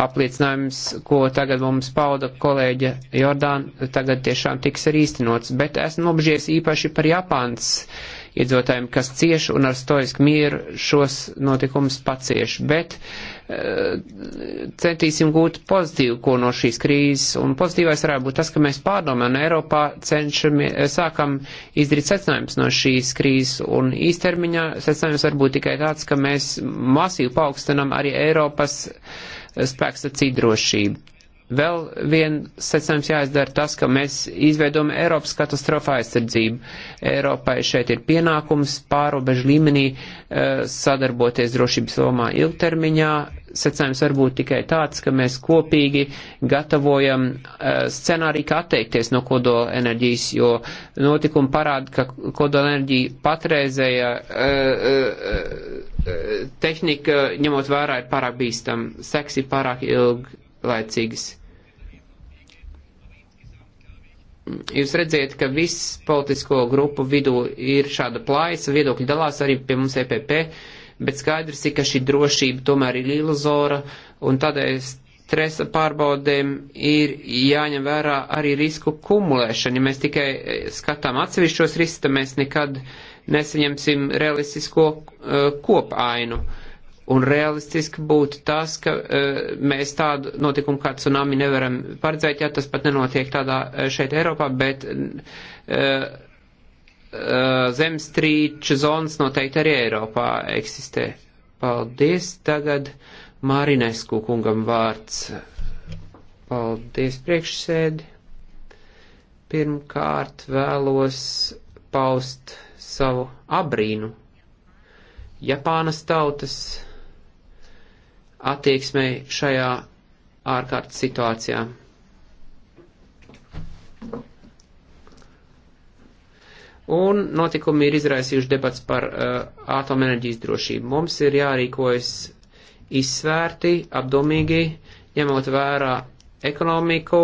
Speaker 1: apliecinājums, ko tagad mums pauda kolēģa Jordāna, tagad tiešām tiks arī īstenots, bet esmu nobežies īpaši par Japāns. Uh, iedzīvotājiem, kas cieši un ar stoisku mieru šos notikumus pacieši. Bet eh, centīsim gūt pozitīvu ko no šīs krīzes, un pozitīvais varētu būt tas, ka mēs pārdomājam un Eiropā cenšamies, eh, sākam izdarīt secinājumus no šīs krīzes, un īstermiņā secinājums var būt tikai tāds, ka mēs masīvi paaugstinam arī Eiropas eh, spēkstacību drošību. Vēl viens secinājums jāizdara tas, ka mēs izveidojam Eiropas katastrofa aizsardzību. Eiropai šeit ir pienākums pārobežu līmenī eh, sadarboties drošības lomā ilgtermiņā. Secinājums var būt tikai tāds, ka mēs kopīgi gatavojam eh, scenāriju, kā atteikties no kodola enerģijas, jo notikumi parāda, ka kodola enerģija patreizēja eh, tehnika, ņemot vērā, ir pārāk bīstam, seksi pārāk ilgi laicīgas. jūs redziet, ka viss politisko grupu vidū ir šāda plājas, viedokļi dalās arī pie mums EPP, bet skaidrs ir, ka šī drošība tomēr ir iluzora, un tādēļ stresa pārbaudēm ir jāņem vērā arī risku kumulēšana. Ja mēs tikai e, skatām atsevišķos riskus, tad mēs nekad nesaņemsim realistisko uh, kopainu. Uh, Un realistiski būtu tas, ka uh, mēs tādu notikumu kā tsunami nevaram paredzēt, ja tas pat nenotiek tādā eh, šeit Eiropā, bet uh, zemestrīču zonas noteikti arī Eiropā eksistē. Paldies, tagad Mārinesku kungam vārds. Paldies, priekšsēdi. Pirmkārt vēlos paust savu abrīnu Japānas tautas attieksmei šajā ārkārtas situācijā. Un notikumi ir izraisījuši debats par uh, atomenerģijas drošību. Mums ir jārīkojas izsvērti, apdomīgi, ņemot vērā ekonomiku,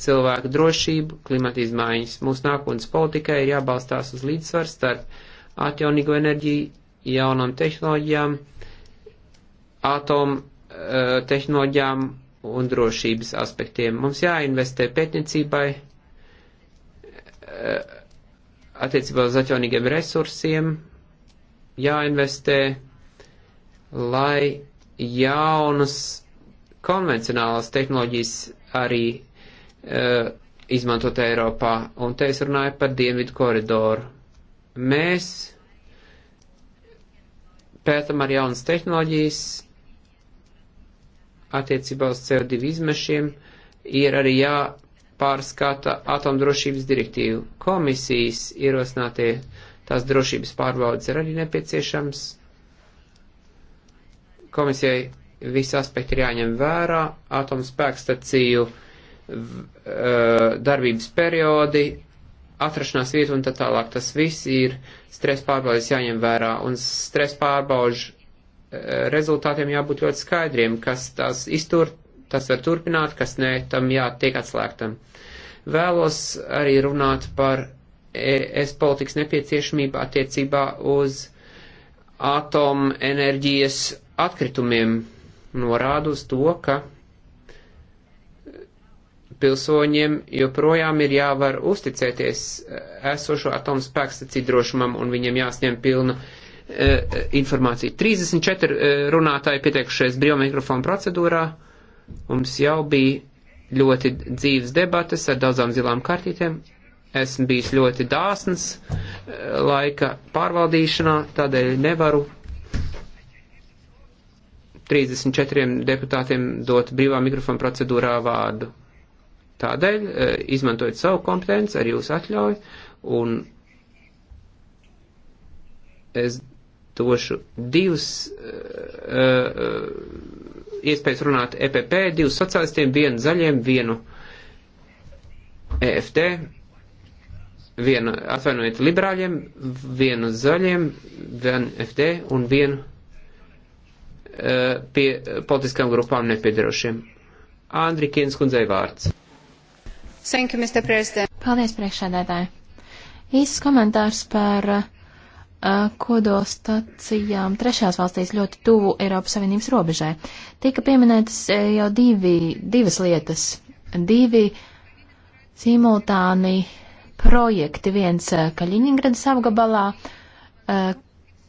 Speaker 1: cilvēku drošību, klimata izmaiņas. Mūsu nākotnes politikai ir jābalstās uz līdzsvaru starp atjaunīgo enerģiju, jaunām tehnoloģijām, uh, atomu eh, tehnoloģijām un drošības aspektiem. Mums jāinvestē pētniecībai eh, attiecībā uz atjaunīgiem resursiem, jāinvestē, lai jaunas konvencionālās tehnoloģijas arī uh, izmantot Eiropā. Un te es runāju par Dienvidu koridoru. Mēs pētam ar jaunas tehnoloģijas, attiecībā uz CO2 izmešiem ir arī jāpārskata atomdrošības direktīva. Komisijas ierosinātie tās drošības pārbaudas ir arī nepieciešams. Komisijai visi aspekti ir jāņem vērā, atomspēkstaciju eh, darbības periodi, atrašanās vietu un tā tālāk. Tas viss ir stresa pārbaudas jāņem vērā un stresa pārbaužu rezultātiem jābūt ļoti skaidriem, kas tās iztur, tas var turpināt, kas nē, tam jātiek atslēgtam. Vēlos arī runāt par es politikas nepieciešamību attiecībā uz atomenerģijas atkritumiem, norādu uz to, ka pilsoņiem joprojām ir jāvar uzticēties esošo atomu spēkstacīdu drošumam un viņiem jāsņem pilna uh, Eh, eh, informāciju. 34 eh, runātāji pieteikušies brīvā mikrofona procedūrā. Mums jau bija ļoti dzīves debates ar daudzām zilām kartītēm. Esmu bijis ļoti dāsns laika pārvaldīšanā, tādēļ nevaru 34 deputātiem dot brīvā mikrofona procedūrā vārdu. Tādēļ izmantojot savu kompetenci ar jūsu atļauju un es došu divas uh, uh, iespējas runāt EPP, divus sociālistiem, vienu zaļiem, vienu EFT, vienu, atvainojiet, liberāļiem, vienu zaļiem, vienu EFT un vienu uh, pie politiskām grupām nepiedarošiem. Andri Kienskundzei vārds.
Speaker 2: Thank you, Mr. President. Paldies,
Speaker 3: priekšsēdētāji. Īsts komentārs par uh, Eh, kodostacijām trešās valstīs ļoti tuvu Eiropas Savienības robežai. Tika pieminētas eh, jau divi, divas lietas, divi simultāni projekti, viens eh, Kaļiņingradas apgabalā,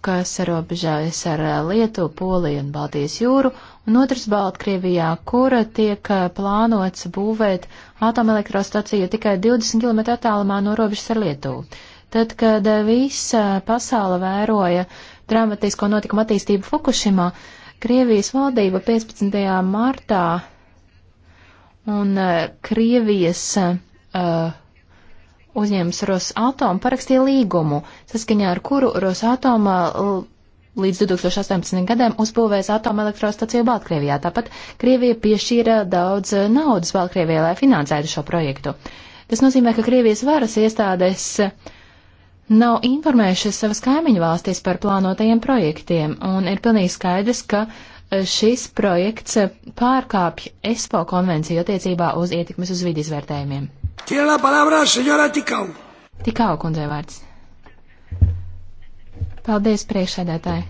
Speaker 3: kas robežājas ar Lietu, Poliju un Baltijas jūru, un otrs Baltkrievijā, kura tiek plānots būvēt atomelektrostaciju tikai 20 km attālumā no robežas ar Lietuvu. Tad, kad eh, visa pasaule vēroja dramatisko notikumu attīstību Fukushimā, Krievijas valdība 15. martā un eh, Krievijas uh, uzņēmums Rosatom parakstīja līgumu, saskaņā ar kuru Rosatom līdz 2018. gadam uzbūvēs atomelektrostaciju Baltkrievijā. Tāpat Krievija piešķīra daudz naudas Baltkrievijai, lai finansētu šo projektu. Tas nozīmē, ka Krievijas varas iestādes uh, nav informējušas savas kaimiņu valstis par plānotajiem projektiem, un ir pilnīgi skaidrs, ka e, šis projekts e, pārkāpj ESPO konvenciju attiecībā uz ietekmes uz vidi izvērtējumiem. Tikau kundzei vārds. Paldies, priekšsēdētāji.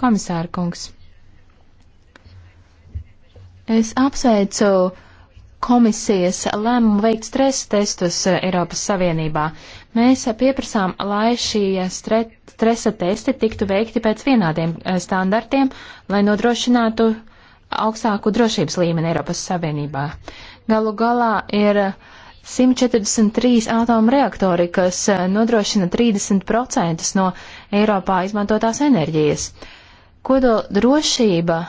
Speaker 3: Komisāra kungs. Es apsveicu komisijas lēmumu veikt stresa testus e, Eiropas Savienībā. Mēs pieprasām, lai šie stresa testi tiktu veikti pēc vienādiem eh, standartiem, lai nodrošinātu augstāku drošības līmeni Eiropas Savienībā. Galu galā ir 143 atomreaktori, kas eh, nodrošina 30% no Eiropā izmantotās enerģijas. Kodoldrošība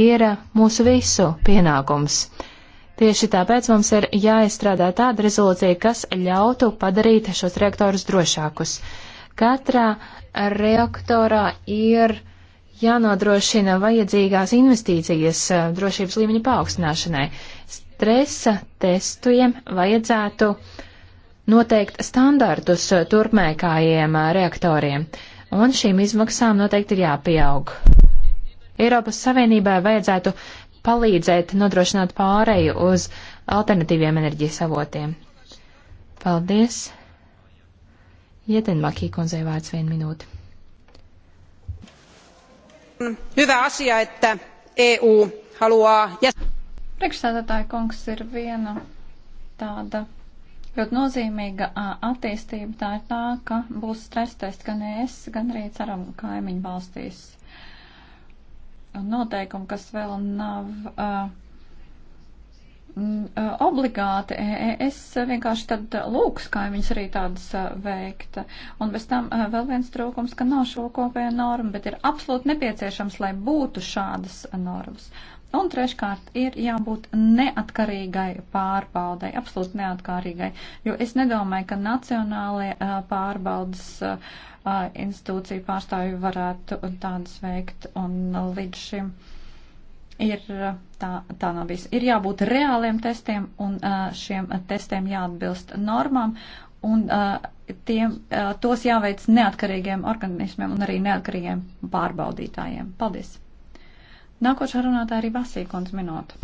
Speaker 3: ir mūsu visu pienākums. Tieši tāpēc mums ir jāizstrādā tāda rezolūcija, kas ļautu padarīt šos reaktorus drošākus. Katrā reaktorā ir jānodrošina vajadzīgās investīcijas eh, drošības līmeņa paaugstināšanai. Stresa testiem vajadzētu noteikt standartus turpmākajiem eh, reaktoriem, un šīm izmaksām noteikti ir jāpieaug. Eiropas Savienībai vajadzētu palīdzēt nodrošināt pāreju uz alternatīviem enerģijas avotiem. Paldies! Jetenmakī kundzei vārds vienu minūti.
Speaker 1: Hyvä asia, että EU haluaa...
Speaker 2: Priekšsēdētāja kungs ir viena tāda ļoti nozīmīga attīstība. Tā ir tā, ka būs stresa tests gan es, gan arī ceram kaimiņu valstīs noteikumi, kas vēl nav uh, obligāti. E, e, es vienkārši tad lūksu kaimiņus arī tādas veikt. Un bez tam vēl viens trūkums, ka nav šo kopējo normu, bet ir absolūti nepieciešams, lai būtu šādas normas. Un treškārt ir jābūt neatkarīgai pārbaudai, absolūti neatkarīgai, jo es nedomāju, ka nacionālajie pārbaudas uh, institūciju pārstāvju varētu tādas veikt. Un līdz šim ir, tā, tā nav bijis. Ir jābūt reāliem testiem un šiem testiem jāatbilst normām. Un tiem, tos jāveic neatkarīgiem organismiem un arī neatkarīgiem pārbaudītājiem. Paldies! Nākošā runātāja arī Vasīkons minūte.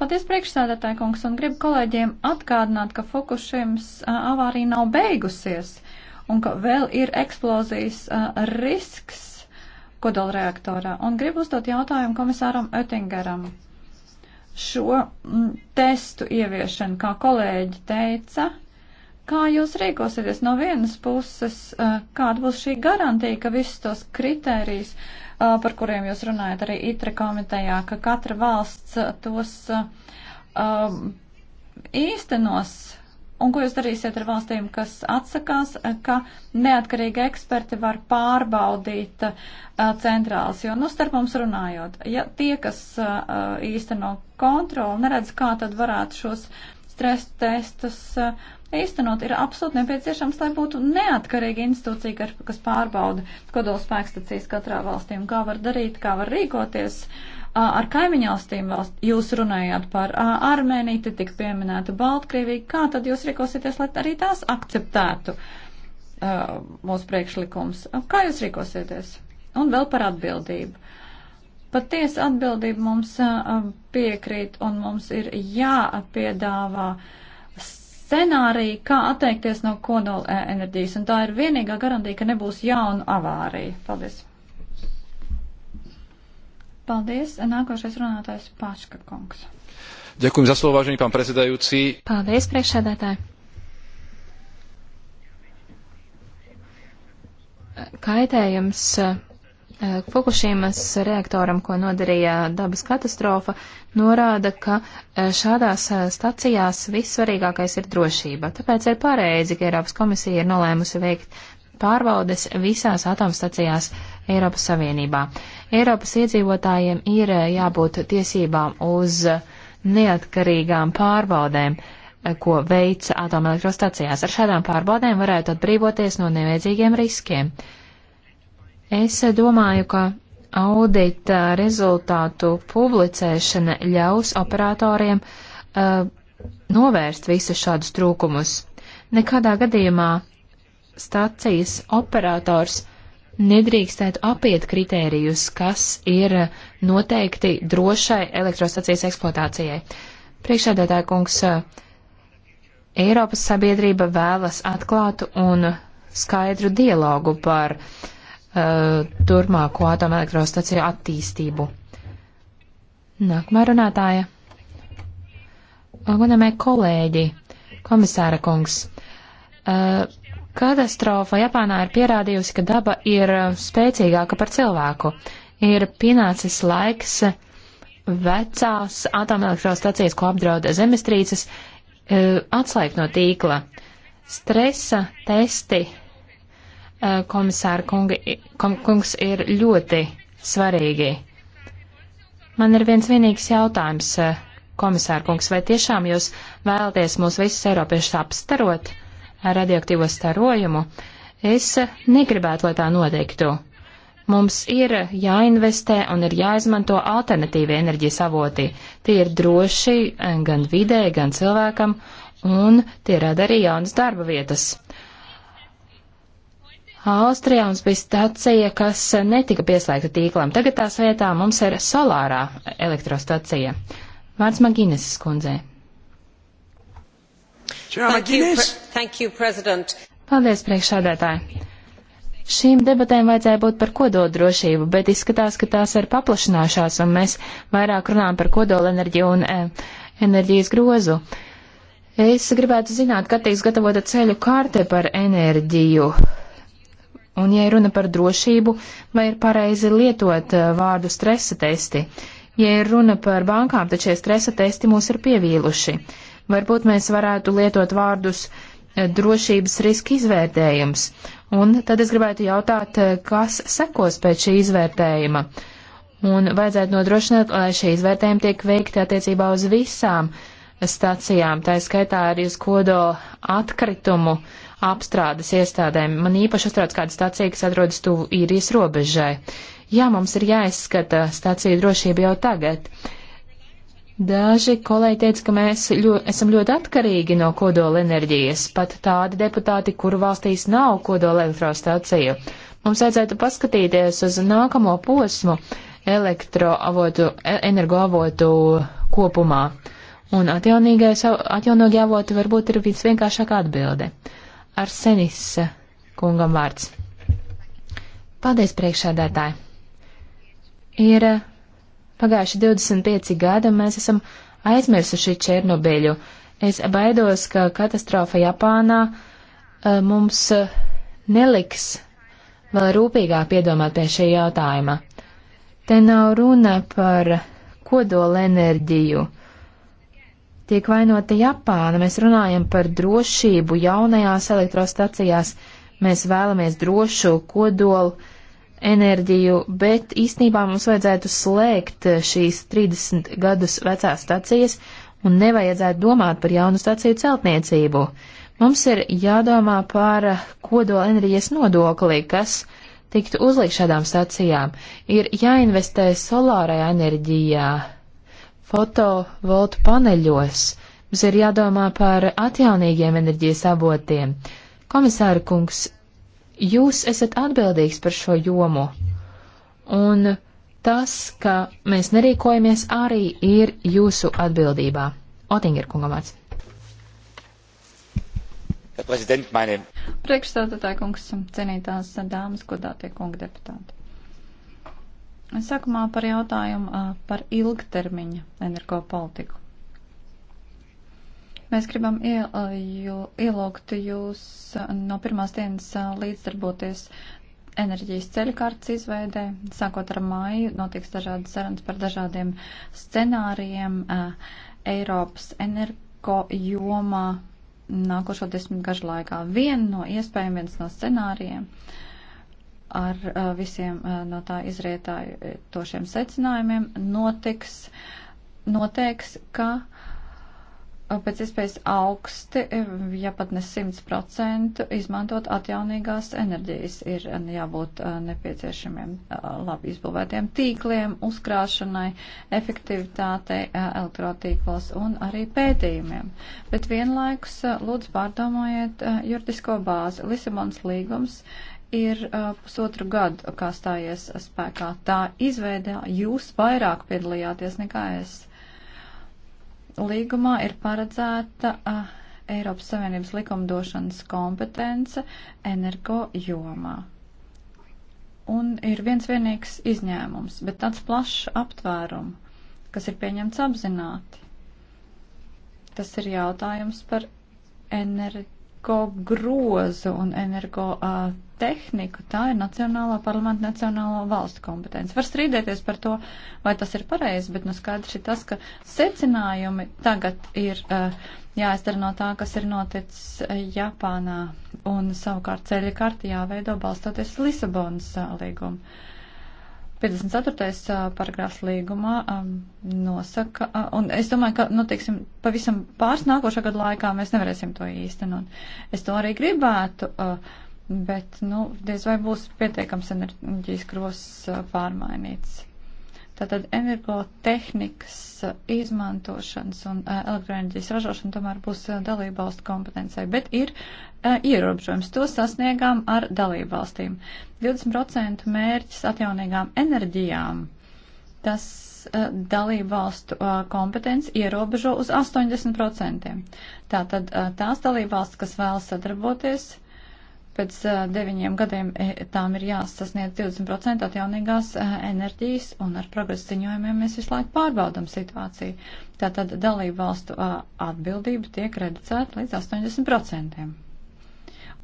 Speaker 2: Paldies priekšsēdētāji kungs un gribu kolēģiem atgādināt, ka Fukušims avārija nav beigusies un ka vēl ir eksplozijas uh, risks kodolreaktorā. Un gribu uzdot jautājumu komisāram Oettingeram. Šo m, mm, testu ieviešanu, kā kolēģi teica, kā jūs rīkosieties no vienas puses, uh, kāda būs šī garantija, ka visus tos kritērijus, uh, par kuriem jūs runājat arī ITRE komitejā, ka katra valsts uh, tos uh, um, īstenos Un ko jūs darīsiet ar valstīm, kas atsakās, ka neatkarīgi eksperti var pārbaudīt uh, centrāls? Jo, nu, starp mums runājot, ja tie, kas uh, īsteno kontroli, neredz, kā tad varētu šos stresa testus uh, īstenot, ir absolūti nepieciešams, lai būtu neatkarīga institūcija, kas pārbauda kodolspēkstacijas katrā valstī un kā var darīt, kā var rīkoties. Uh, ar kaimiņvalstīm valst, jūs runājāt par Armēniju, te tik pieminēta Baltkrievija, kā tad jūs rīkosieties, lai arī tās akceptētu mūsu priekšlikums? Kā jūs rīkosieties? Un vēl par atbildību. Patiesa atbildība mums piekrīt un mums ir jāpiedāvā scenārija, kā atteikties no kodola e, enerģijas. Un tā ir vienīgā garantija, ka nebūs jauna avārija. Paldies! Paldies. Nākošais runātājs Paška kungs.
Speaker 3: Ďakujem za slovo, vážený pán predsedajúci.
Speaker 2: Paldies, priekšsēdētāji.
Speaker 3: Kaitējums eh, Fukušīmas reaktoram, ko nodarīja dabas katastrofa, norāda, ka eh, šādās eh, stacijās vissvarīgākais ir drošība. Tāpēc ir pareizi, ka Eiropas komisija ir nolēmusi veikt pārbaudes visās atomstacijās Eiropas Savienībā. Eiropas iedzīvotājiem ir eh, jābūt tiesībām uz neatkarīgām pārbaudēm, eh, ko veica atomelektrostacijās. Ar šādām pārbaudēm varētu atbrīvoties no nevajadzīgiem riskiem. Es eh, domāju, ka audita rezultātu publicēšana ļaus operatoriem uh, novērst visus šādus trūkumus. Nekādā gadījumā stācijas operators nedrīkstētu apiet kritērijus, kas ir noteikti drošai elektrostacijas eksploatācijai. Priekšsēdētāja kungs, Eiropas sabiedrība vēlas atklātu un skaidru dialogu par uh, turpmāko atomelektrostaciju attīstību. Nākamā runātāja. Gunamē kolēģi, komisāra kungs. Uh, Katastrofa Japānā ir pierādījusi, ka daba ir uh, spēcīgāka par cilvēku. Ir pienācis laiks vecās atomelektrostacijas, ko apdrauda zemestrīces, uh, atslēgt no tīkla. Stresa testi uh, komisāra kungi, kom, kungs ir ļoti svarīgi. Man ir viens vienīgs jautājums, komisāra kungs, vai tiešām jūs vēlaties mūs visus Eiropiešus apstarot? radioaktīvo starojumu, es negribētu, lai tā notiktu. Mums ir jāinvestē un ir jāizmanto alternatīvie enerģijas avoti. Tie ir droši gan vidē, gan cilvēkam, un tie rada arī jaunas darba vietas. Austrijā mums bija stacija, kas netika pieslēgta tīklam. Tagad tās vietā mums ir solārā elektrostacija. Vārds Magineses kundzei. You, Paldies, priekšsēdētāji! Šīm debatēm vajadzēja būt par kodoldrošību, bet izskatās, ka tās ir paplašinājušās, un mēs vairāk runājam par kodolenerģiju un e, enerģijas grozu. Es gribētu zināt, kad tiks gatavota ceļu kārte par enerģiju. Un, ja runa par drošību, vai ir pareizi lietot eh, vārdu stresa testi? Ja runa par bankām, tad šie stresa testi mūs ir pievīluši. Varbūt mēs varētu lietot vārdus eh, drošības riska izvērtējums. Un tad es gribētu jautāt, eh, kas sekos pēc šī izvērtējuma. Un vajadzētu nodrošināt, lai šī izvērtējuma tiek veikta attiecībā uz visām stacijām, tā skaitā arī uz kodola atkritumu apstrādes iestādēm. Man īpaši uztrauc kāda stacija, kas atrodas tuvu īrijas robežai. Jā, mums ir jāizskata stacija drošība jau tagad. Daži kolēģi teica, ka mēs ļo, esam ļoti atkarīgi no kodola enerģijas, pat tādi deputāti, kuru valstīs nav kodola elektrostaciju. Mums vajadzētu paskatīties uz nākamo posmu elektroavotu, e, energoavotu kopumā. Un atjaunīgie avoti varbūt ir visvienkāršākā atbilde. Ar senis kungam vārds. Paldies priekšādātāji. Ir Pagājuši 25 gadi un mēs esam aizmirsuši Černobiļu. Es baidos, ka katastrofa Japānā eh, mums eh, neliks vēl rūpīgāk piedomāt pie šī jautājuma. Te nav runa par kodolenerģiju. Tiek vainota Japāna, mēs runājam par drošību jaunajās elektrostacijās, mēs vēlamies drošu kodolu enerģiju, bet īstenībā mums vajadzētu slēgt šīs 30 gadus vecās stacijas un nevajadzētu domāt par jaunu staciju celtniecību. Mums ir jādomā par kodola enerģijas nodokli, kas tiktu uzlikt šādām stacijām. Ir jāinvestē solārajā enerģijā, fotovoltu paneļos. Mums ir jādomā par atjaunīgiem enerģijas avotiem. Komisāra kungs, Jūs esat atbildīgs par šo jomu, un tas, ka mēs nerīkojamies, arī ir jūsu atbildībā. Otinger kungamāts.
Speaker 1: Priekšstādātāja
Speaker 2: kungs, cenītās dāmas, godātie kunga deputāti. Sākumā par jautājumu par ilgtermiņa energopolitiku. Mēs gribam ielūgt jūs no pirmās dienas līdzdarboties enerģijas ceļu kārtas izveidē. Sākot ar māju notiks dažādas sarunas par dažādiem scenārijiem Eiropas energo jomā nākošo desmitgažu laikā. Viena no iespējām, viens no scenārijiem ar visiem no tā izrietējošiem secinājumiem notiks, noteiks, ka pēc iespējas augsti, ja pat ne 100% izmantot atjaunīgās enerģijas. Ir jābūt nepieciešamiem labi izbūvētiem tīkliem, uzkrāšanai, efektivitātei elektrotīklos un arī pētījumiem. Bet vienlaikus lūdzu pārdomājiet juridisko bāzi. Lisabons līgums ir uh, pusotru gadu, kā stājies spēkā. Tā izveidā jūs vairāk piedalījāties nekā es. Līgumā ir paredzēta uh, Eiropas Savienības likumdošanas kompetence energo jomā. Un ir viens vienīgs izņēmums, bet tāds plašs aptvērumu, kas ir pieņemts apzināti. Tas ir jautājums par energo grozu un energo uh, tehniku, tā ir Nacionālā parlamenta Nacionālā valstu kompetence. Var strīdēties par to, vai tas ir pareizi, bet nu skaidrs ir tas, ka secinājumi tagad ir uh, jāizdara no tā, kas ir noticis eh, Japānā, un savukārt ceļa karti jāveido balstoties Lisabonas uh, līgumu. 54. paragrāfs līgumā um, nosaka, uh, un es domāju, ka, nu, teiksim, pavisam pāris nākošā gada laikā mēs nevarēsim to īstenot. Es to arī gribētu. Uh, bet, nu, diez vai būs pietiekams enerģijas krosas uh, pārmainīts. Tātad energotehnikas uh, izmantošanas un uh, elektroenerģijas ražošana tomēr būs dalībvalstu kompetencei, bet ir ierobežojums. To sasniegām ar dalībvalstīm. 20% mērķis atjaunīgām enerģijām. Tas dalībvalstu kompetenci ierobežo uz 80%. Tātad tās dalībvalstis, kas vēlas sadarboties, Pēc deviņiem gadiem e, tām ir jāsasniedz 20% atjaunīgās enerģijas, un ar progresu ziņojumiem mēs visu laiku pārbaudam situāciju. Tātad dalību valstu atbildība tiek reducēta līdz 80%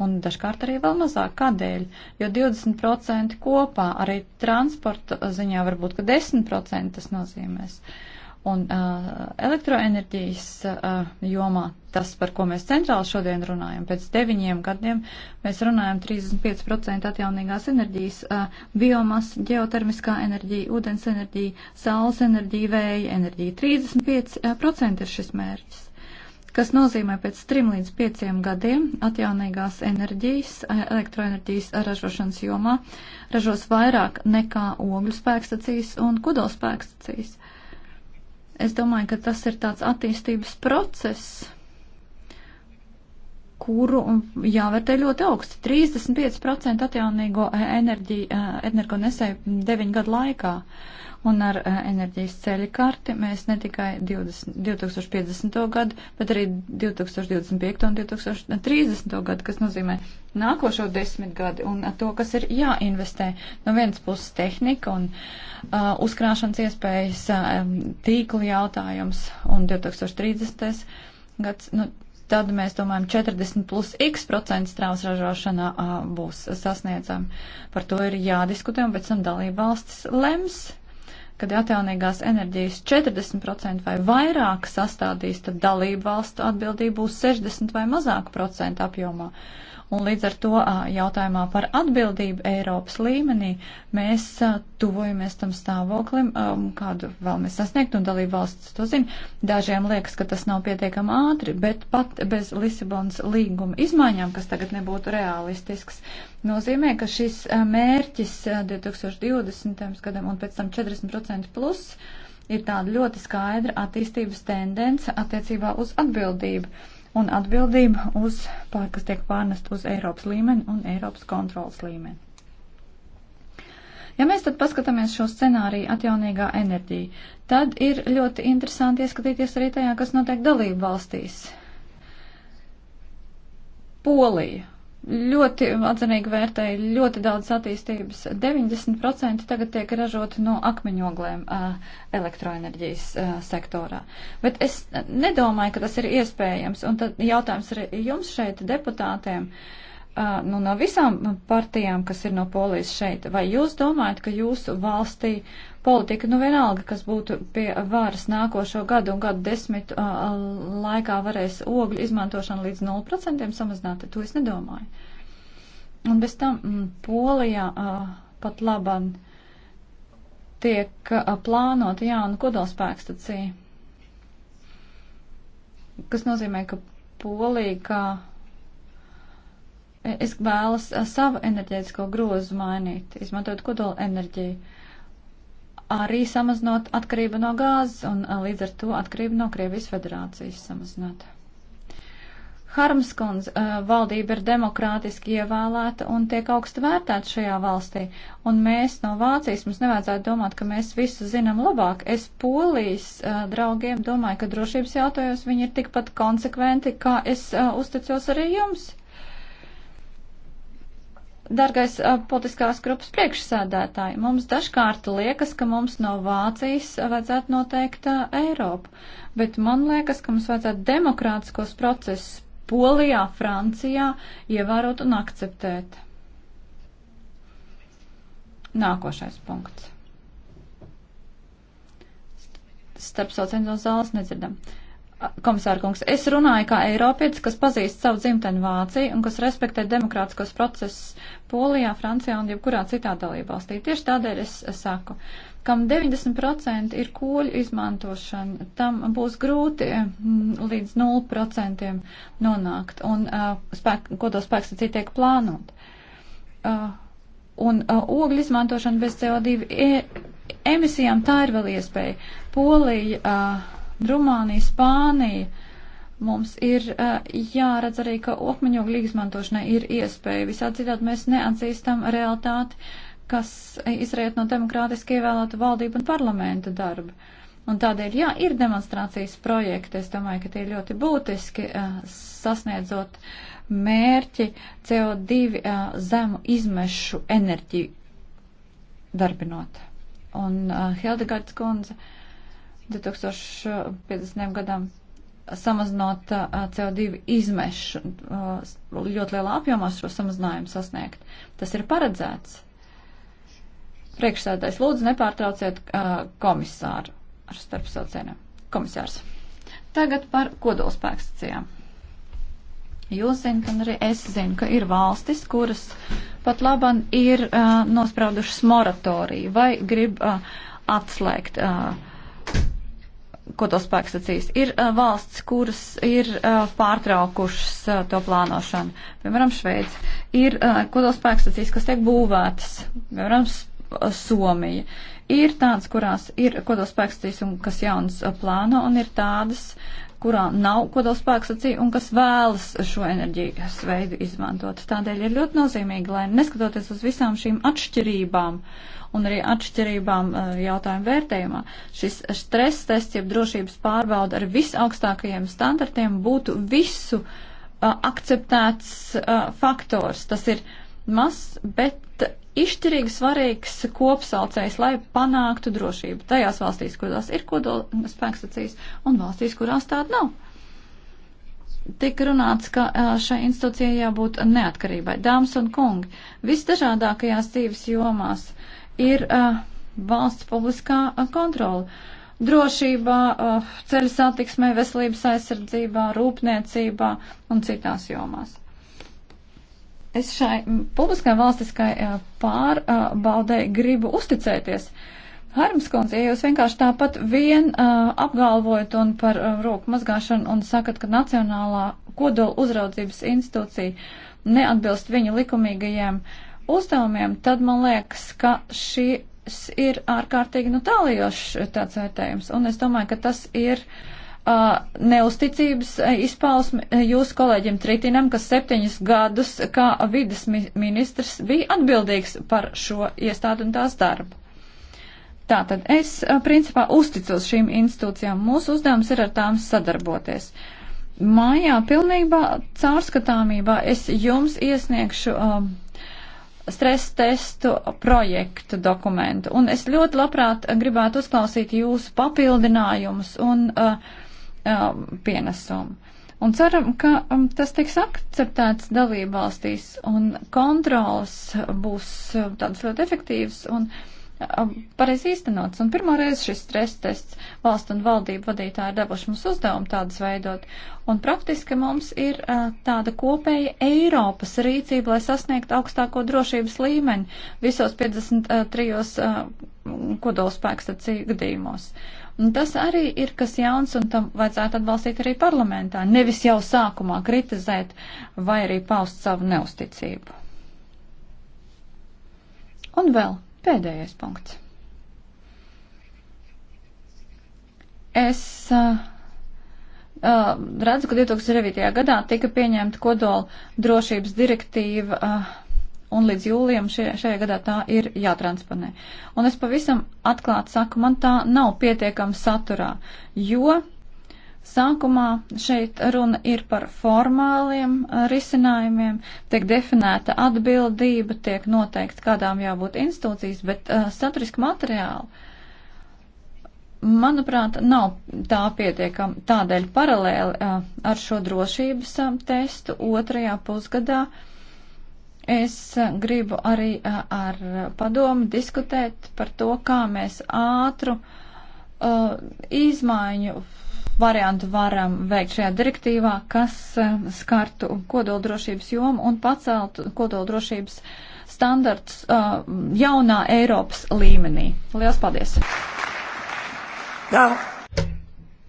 Speaker 2: un dažkārt arī vēl mazāk. Kādēļ? Jo 20% kopā arī transporta ziņā varbūt, ka 10% tas nozīmēs. Uh, Un uh, elektroenerģijas uh, jomā tas, par ko mēs centrāli šodien runājam, pēc deviņiem gadiem mēs runājam 35% atjaunīgās enerģijas, uh, biomas, ģeotermiskā enerģija, ūdens enerģija, saules enerģija, vēja enerģija. 35% ir šis mērķis kas nozīmē pēc 3 līdz 5 gadiem atjaunīgās enerģijas, elektroenerģijas ražošanas jomā ražos vairāk nekā ogļu spēkstacijas un kodolspēkstacijas. Es domāju, ka tas ir tāds attīstības process, kuru jāvērtē ļoti augsti. 35% atjaunīgo eh, enerģiju, eh, energonesēju 9 gadu laikā. Uh, Un ar eh, enerģijas ceļa karti mēs ne tikai 20, 2050. gadu, bet arī 2025. un 2030. gadu, kas nozīmē nākošo desmitgadi un to, kas ir jāinvestē. No vienas puses tehnika un uh, uzkrāšanas iespējas, uh, tīkla jautājums un 2030. gads. Nu, tad mēs domājam 40 plus x procentu strāvas ražošanā būs sasniedzami. Par to ir jādiskutē, un pēc tam dalība valstis lems, kad atjaunīgās enerģijas 40% vai vairāk sastādīs, tad dalību valstu atbildība būs 60 vai mazāk procentu apjomā. Uh, Un līdz ar to jautājumā par atbildību Eiropas līmenī mēs tuvojamies tam stāvoklim, kādu vēlamies sasniegt, un dalību valsts to zina. Dažiem liekas, ka tas nav pietiekami ātri, bet pat bez Lisabonas līguma izmaiņām, kas tagad nebūtu realistisks, nozīmē, ka šis mērķis 2020. gadam un pēc tam 40% plus ir tāda ļoti skaidra attīstības tendence attiecībā uz atbildību un atbildība uz, kas tiek pārnest uz Eiropas līmeni un Eiropas kontrolas līmeni. Ja mēs tad paskatāmies šo scenāriju atjaunīgā enerģija, tad ir ļoti interesanti ieskatīties arī tajā, kas notiek dalību valstīs. Polija, ļoti atzinīgi vērtēju ļoti daudz attīstības. 90% tagad tiek ražoti no akmeņoglēm elektroenerģijas sektorā. Bet es nedomāju, ka tas ir iespējams. Un tad jautājums arī jums šeit, deputātiem, nu, no visām partijām, kas ir no polijas šeit, vai jūs domājat, ka jūsu valstī politika, nu vienalga, kas būtu pie varas nākošo gadu un gadu desmitu uh, laikā varēs ogļu izmantošanu līdz 0% samazināt, to es nedomāju. Un bez tam m, mm, Polijā uh, pat laban tiek uh, plānota jauna kodolspēkstacija, kas nozīmē, ka Polija, kā e, es vēlas uh, savu enerģētisko grozu mainīt, izmantojot kodola enerģiju arī samazinot atkarību no gāzes un eh, līdz ar to atkarību no Krievijas federācijas samazināt. Harms kundze, eh, valdība ir demokrātiski ievēlēta un tiek augstu vērtēta šajā valstī, un mēs no Vācijas mums nevajadzētu domāt, ka mēs visu zinām labāk. Es polijas eh, draugiem domāju, ka drošības jautājos viņi ir tikpat konsekventi, kā es uzticos arī jums. Dargais politiskās grupas priekšsēdētāji, mums dažkārt liekas, ka mums no Vācijas vajadzētu noteikt Eiropu, bet man liekas, ka mums vajadzētu demokrātiskos procesus Polijā, Francijā ievērot un akceptēt. Nākošais punkts. Starp saucienu no zāles nedzirdam. Uh, Komisārkungs, es runāju kā Eiropietis, kas pazīst savu dzimteni Vāciju un kas respektē demokrātiskos procesus Polijā, Francijā un jebkurā citā dalībvalstī. Tieši tādēļ es saku, kam 90% ir koļu izmantošana, tam būs grūti mm, līdz 0% nonākt un uh, spēk, kodo spēkstacī tiek plānot. Uh, un uh, ogļu izmantošana bez CO2 e emisijām tā ir vēl iespēja. Polija. Uh, Rumānija, Spānija. Mums ir uh, jāredz arī, ka okmeņogļu izmantošanai ir iespēja. Visā citādi mēs neatzīstam realitāti, kas izriet no demokrātiski ievēlēta valdība un parlamenta darba. Un tādēļ, jā, ir demonstrācijas projekti, es domāju, ka tie ir ļoti būtiski uh, sasniedzot mērķi CO2 uh, eh, zemu izmešu enerģiju darbinot. Un uh, Hildegards kundze. Uh, 2050. gadam samazinot uh, CO2 izmešu uh, ļoti lielā apjomā šo samazinājumu sasniegt. Tas ir paredzēts. Priekšsēdājs lūdzu nepārtrauciet uh, komisāru ar starpsaucieniem. Komisārs. Tagad par kodolspēkstacijām. Jūs zinat, un arī es zinu, ka ir valstis, kuras pat laban ir uh, nospraudušas moratoriju vai grib uh, atslēgt uh, ko to spēks sacīs. Ir uh, valsts, kuras ir uh, pārtraukušas uh, to plānošanu. Piemēram, Šveica. Ir, uh, ko to spēks sacīs, kas tiek būvētas. Piemēram, uh, Somija. Ir tādas, kurās ir, ko to spēks sacīs un kas jauns uh, plāno, un ir tādas, kurā nav kodolspēks acī un kas vēlas šo enerģijas veidu izmantot. Tādēļ ir ļoti nozīmīgi, lai neskatoties uz visām šīm atšķirībām un arī atšķirībām eh, jautājumu vērtējumā, šis stress tests, jeb drošības pārbauda ar visaugstākajiem standartiem būtu visu uh, akceptēts uh, faktors. Tas ir mazs, bet bet izšķirīgi svarīgs kopsaucējs, lai panāktu drošību tajās valstīs, kurās ir kodola spēkstacijas un valstīs, kurās tāda nav. Tik runāts, ka šai institūcijai jābūt neatkarībai. Dāmas un kungi, visdažādākajās dzīves jomās ir uh, valsts publiskā uh, kontrola. Drošībā, uh, ceļu satiksmē, veselības aizsardzībā, rūpniecībā un citās jomās Es šai publiskai valstiskai pārbaudē gribu uzticēties. Harmskons, ja jūs vienkārši tāpat vien uh, apgalvojat un par uh, roku mazgāšanu un sakat, ka Nacionālā kodola uzraudzības institūcija neatbilst viņa likumīgajiem uzdevumiem, tad man liekas, ka šis ir ārkārtīgi nu tālijošs tāds vērtējums. Un es domāju, ka tas ir. Uh, neusticības izpausmi jūsu kolēģim Tritinam, kas septiņus gadus kā vidas ministrs bija atbildīgs par šo iestādi un tās darbu. Tātad es principā uzticos šīm institūcijām. Mūsu uzdevums ir ar tām sadarboties. Mājā pilnībā caurskatāmībā es jums iesniegšu um, stresa testu projektu dokumentu. Un es ļoti labprāt gribētu uzklausīt jūsu papildinājumus un uh, um, pienesumu. Un ceram, ka um, tas tiks akceptēts dalībvalstīs un kontrols būs um, tādas ļoti efektīvas un um, pareizi īstenots. Un pirmoreiz šis stress tests valstu un valdību vadītāji ir devuši mums uzdevumu tādas veidot. Un praktiski mums ir uh, tāda kopēja Eiropas rīcība, lai sasniegtu augstāko drošības līmeņu visos 53 uh, uh kodolspēkstacīju gadījumos. Uh, Un tas arī ir kas jauns, un tam vajadzētu atbalstīt arī parlamentā, nevis jau sākumā kritizēt vai arī paust savu neusticību. Un vēl pēdējais punkts. Es uh, uh, redzu, ka 2009. gadā tika pieņemta kodola drošības direktīva. Uh, un līdz jūlijam šajā, šajā gadā tā ir jātransponē. Un es pavisam atklāti saku, man tā nav pietiekama saturā, jo sākumā šeit runa ir par formāliem uh, risinājumiem, tiek definēta atbildība, tiek noteikts, kādām jābūt institūcijas, bet uh, saturiski materiāli. Manuprāt, nav tā pietiekama tādēļ paralēli uh, ar šo drošības uh, testu otrajā pusgadā uh, Es eh, gribu arī eh, ar padomu diskutēt par to, kā mēs ātru uh, izmaiņu variantu varam veikt šajā direktīvā, kas skartu kodoldrošības jomu un paceltu kodoldrošības standarts uh, jaunā Eiropas līmenī. Lielas paldies! Jā.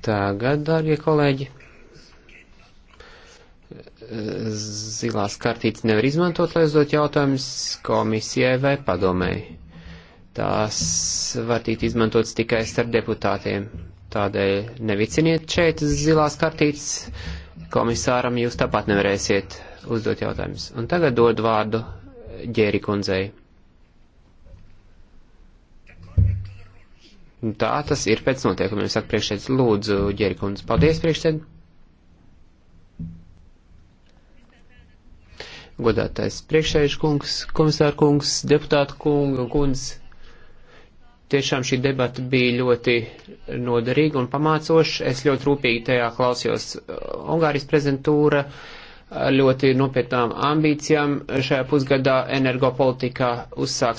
Speaker 1: Tagad, dārgie kolēģi, zilās kartītes nevar izmantot, lai uzdot jautājumus komisijai vai padomēji. Tās var tikt izmantotas tikai starp deputātiem. Tādēļ neviciniet šeit zilās kartītes. Komisāram jūs tāpat nevarēsiet uzdot jautājumus. Un tagad dod vārdu Ģēri kundzei. Nu, tā tas ir pēc noteikumiem, saka priekšsēdz. Lūdzu, Ģēri kundze, paldies priekšsēdz. godātais priekšējuši kungs, komisāra kungs, deputāta kunga un kundze. Tiešām šī debata bija ļoti noderīga un pamācoša. Es ļoti rūpīgi tajā klausījos Ungārijas prezentūra ļoti nopietnām ambīcijām šajā pusgadā energopolitikā uzsāks